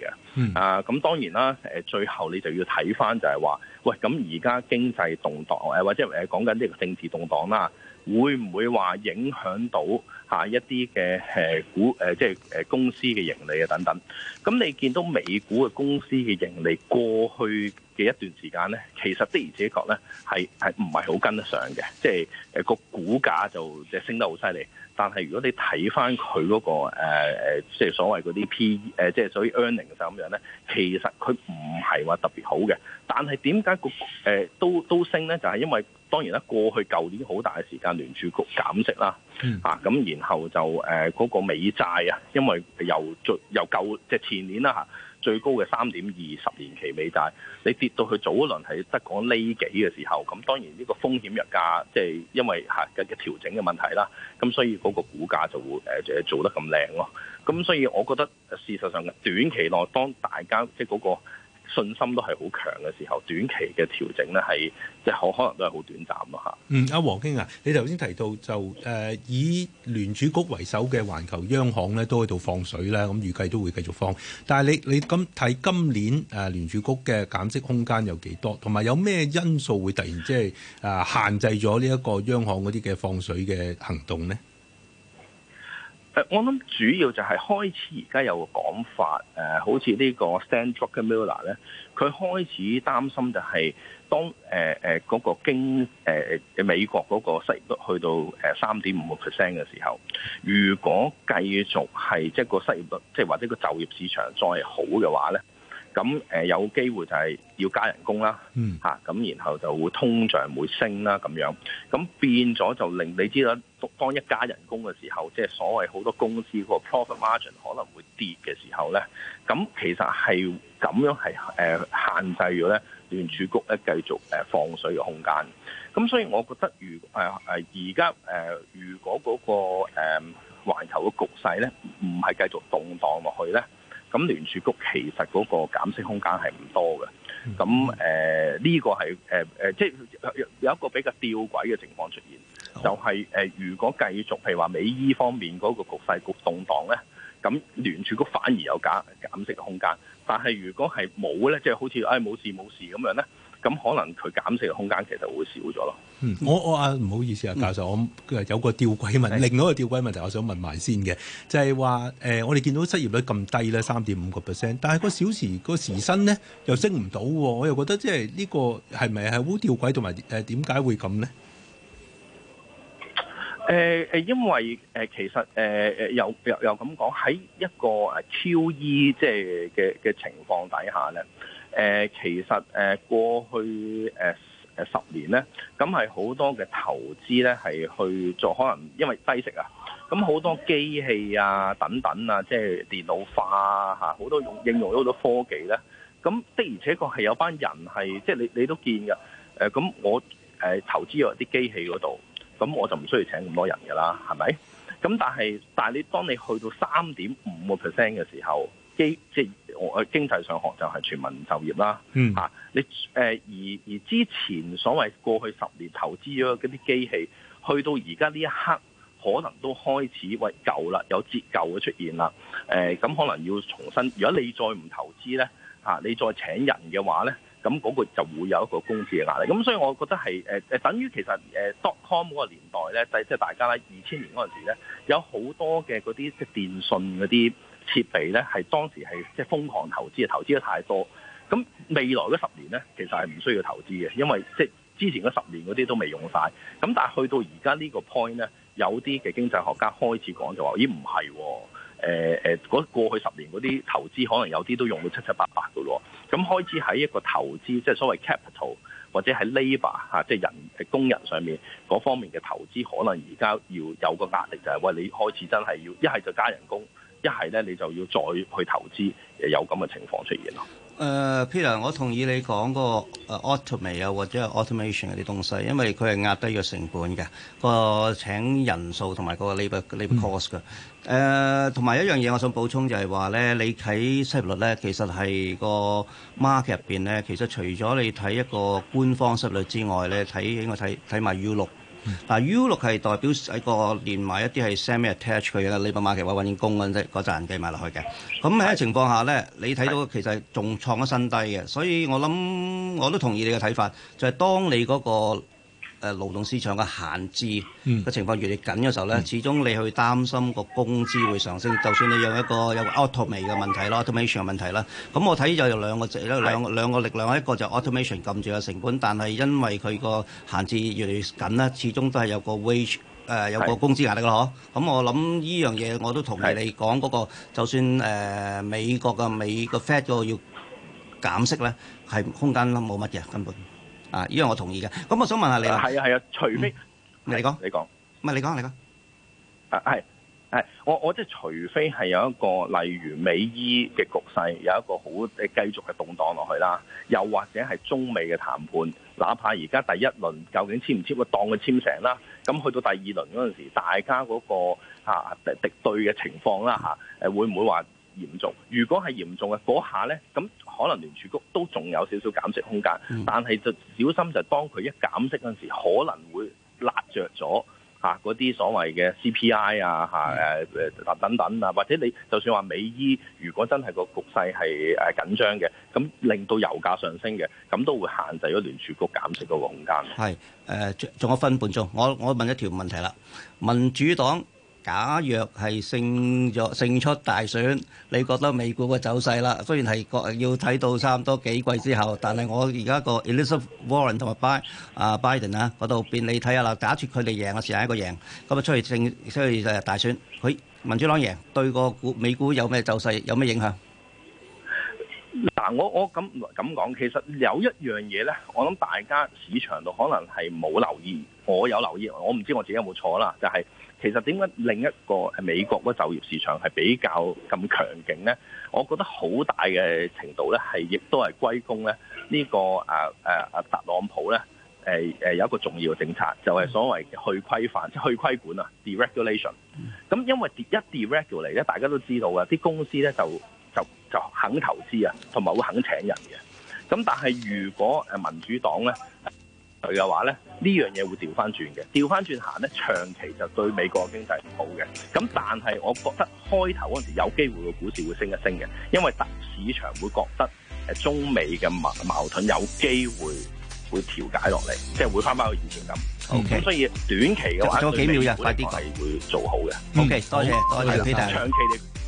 嘅。啊，咁當然啦，誒最後你就要睇返就係話，喂，咁而家經濟動盪誒，或者誒講緊呢個政治動盪啦。會唔會話影響到下一啲嘅誒股誒即係誒公司嘅盈利啊等等？咁你見到美股嘅公司嘅盈利過去嘅一段時間咧，其實的而且確咧係係唔係好跟得上嘅，即係誒個股價就即係升得好犀利。但係如果你睇翻佢嗰個誒即係所謂嗰啲 PE 誒，即係所以 earnings 咁樣咧，其實佢唔係話特別好嘅。但係點解個誒都都升咧？就係因為當然啦，過去舊年好大嘅時間聯儲局減息啦，嚇咁，嗯，啊，然後就誒嗰、呃嗰個美債啊，因為又最由，由舊即係前年啦嚇。最高嘅三點二十年期美債，你跌到去早嗰輪係得講呢幾嘅時候，咁當然呢個風險溢價，即係因為嚇嘅調整嘅問題啦，咁所以嗰個股價就會誒誒做得咁靚咯，咁所以我覺得事實上短期內當大家即係嗰個信心都係好強嘅時候，短期嘅調整呢，係即係可可能都係好短暫咯嚇。嗯，阿、啊、黃經啊，你頭先提到就誒、呃、以聯儲局為首嘅環球央行呢，都喺度放水咧，咁、嗯、預計都會繼續放。但係你你咁睇今年誒、呃、聯儲局嘅減息空間有幾多，同埋有咩因素會突然即係誒限制咗呢一個央行嗰啲嘅放水嘅行動呢？我諗主要就係開始而家有個講法，誒、呃，好似呢個 Stan Druckenmiller 咧，佢開始擔心就係當誒誒嗰個經、呃、美國嗰個失業率去到誒三點五個 percent 嘅時候，如果繼續係即係個失業率，即、就、係、係、或者個就業市場再係好嘅話咧。咁誒有機會就係要加人工啦，嚇咁、嗯、然後就會通脹會升啦咁樣，咁變咗就令你知道當一加人工嘅時候，即係所謂好多公司個 profit margin 可能會跌嘅時候咧，咁其實係咁樣係誒限制咗咧聯儲局咧繼續誒放水嘅空間。咁所以我覺得如，誒誒而家誒如果嗰個誒環球嘅局勢咧，唔係繼續動盪落去咧。咁聯儲局其實嗰個減息空間係唔多嘅，咁誒呢個係誒誒，即係有一個比較吊詭嘅情況出現，就係誒如果繼續譬如話美伊方面嗰個局勢局動盪咧，咁聯儲局反而有減減息嘅空間，但係如果係冇咧，即係好似唉冇事冇事咁樣咧。咁可能佢減息嘅空間其實會少咗咯。嗯，我我啊唔好意思啊，教授，嗯、我有個吊詭問，另一個吊詭問題，我想問埋先嘅，就係話誒，我哋見到失業率咁低咧，三點五個 percent，但係個小時個時薪咧又升唔到，我又覺得即係、就是這個呃、呢個係咪係好吊詭，同埋誒點解會咁咧？誒誒，因為誒、呃、其實誒誒又又又咁講喺一個誒 QE 即係嘅嘅情況底下咧。呢誒其實誒過去誒誒十年咧，咁係好多嘅投資咧係去做，可能因為低息啊，咁好多機器啊等等啊，即係電腦化啊嚇，好多用應用咗好多科技咧，咁的而且確係有班人係即係你你都見㗎，誒咁我誒投資入啲機器嗰度，咁我就唔需要請咁多人㗎啦，係咪？咁但係但係你當你去到三點五個 percent 嘅時候。即係我經濟上學就係全民就業啦，嚇你誒而而之前所謂過去十年投資咗嗰啲機器，去到而家呢一刻，可能都開始喂舊啦，有折舊嘅出現啦，誒、啊、咁、嗯、可能要重新，如果你再唔投資咧，嚇、啊、你再請人嘅話咧，咁、那、嗰個就會有一個工資嘅壓力。咁、啊、所以我覺得係誒誒等於其實誒 dot、呃、com 嗰個年代咧，即係即係大家咧二千年嗰陣時咧，有好多嘅嗰啲即係電信嗰啲。設備咧係當時係即係瘋狂投資，投資得太多。咁未來嗰十年咧，其實係唔需要投資嘅，因為即係之前嗰十年嗰啲都未用晒。咁但係去到而家呢個 point 咧，有啲嘅經濟學家開始講就話：咦、哎，唔係喎，誒、呃、誒，過去十年嗰啲投資可能有啲都用到七七八八噶咯。咁開始喺一個投資，即係所謂 capital 或者喺 labor 吓，即係人工人上面嗰方面嘅投資，可能而家要有個壓力、就係，就係喂你開始真係要一係就加人工。一係咧，你就要再去投資，有咁嘅情況出現咯。誒，Peter，我同意你講、嗰個 automation 啊，uh, 或者係 automation 嗰啲東西，因為佢係壓低咗成本嘅、嗰個請人數同埋個 lab labour cost 噶。同埋、嗯 uh, 一樣嘢，我想補充就係話咧，你睇失業率咧，其實係個 market 入邊咧，其實除咗你睇一個官方失率之外咧，睇起我睇睇埋 U 六。嗱、啊、U 六係代表一個連埋一啲係 semi attach 佢啦，你把馬其話揾工嗰陣計埋落去嘅。咁喺情況下咧，你睇到其實係仲創咗新低嘅。所以我諗我都同意你嘅睇法，就係、是、當你嗰、那個。誒勞動市場嘅限制嘅情況越嚟緊嘅時候咧，始終你去擔心個工資會上升，就算你有一個有 automation 嘅問題啦，automation 嘅問題啦，咁我睇就有兩個力咧，兩兩個力量，一個就 automation 撳住個成本，但係因為佢個限制越嚟越緊咧，始終都係有個 wage 誒有個工資壓力嘅嗬。咁我諗呢樣嘢我都同意你講嗰個，就算誒美國嘅美嘅 Fed 嗰個要減息咧，係空間冇乜嘢根本。啊！呢樣我同意嘅。咁、嗯、我想問下你啦。係啊係啊，除非、嗯、你講你講說，唔係你講你講。啊，係係，我我即係除非係有一個例如美伊嘅局勢有一個好誒繼續嘅動盪落去啦，又或者係中美嘅談判，哪怕而家第一輪究竟簽唔簽，我當佢簽成啦。咁去到第二輪嗰陣時，大家嗰、嗰個吓敵、啊、對嘅情況啦吓，誒、啊、會唔會話嚴重？如果係嚴重嘅嗰下咧，咁，嗯可能聯儲局都仲有少少減息空間，但係就小心就當佢一減息嗰陣時，可能會辣着咗吓嗰啲所謂嘅 CPI 啊吓誒、啊、等等啊，或者你就算話美伊如果真係個局勢係誒緊張嘅，咁令到油價上升嘅，咁都會限制咗聯儲局減息嗰個空間。係誒，仲、呃、有分半鐘，我我問一條問題啦，民主黨。假若係勝咗勝出大選，你覺得美股嘅走勢啦？雖然係要睇到差唔多幾季之後，但係我而家個 Elizabeth Warren 同埋 Biden 啊嗰度變，你睇下啦。假設佢哋贏嘅時候一個贏咁啊，出去勝出去就大選，佢民主黨贏對個股美股有咩走勢，有咩影響？嗱，我我咁咁講，其實有一樣嘢咧，我諗大家市場度可能係冇留意，我有留意，我唔知我自己有冇錯啦，就係、是。其實點解另一個美國嗰個就業市場係比較咁強勁咧？我覺得好大嘅程度咧，係亦都係歸功咧呢個啊啊啊特朗普咧，誒誒有一個重要嘅政策，就係所謂去規範即係去規管啊，de-regulation。咁因為一 de-regulation 咧，大家都知道嘅，啲公司咧就就就肯投資啊，同埋會肯請人嘅。咁但係如果誒民主黨咧，佢嘅話咧，呢樣嘢會調返轉嘅，調返轉行咧，長期就對美國經濟唔好嘅。咁但係，我覺得開頭嗰陣時有機會個股市會升一升嘅，因為大市場會覺得誒中美嘅矛矛盾有機會會調解落嚟，即係會返返去以前咁。咁，Okay，所以短期嘅話，幾秒對美股快啲係會做好嘅。O K，多謝多謝，長期你。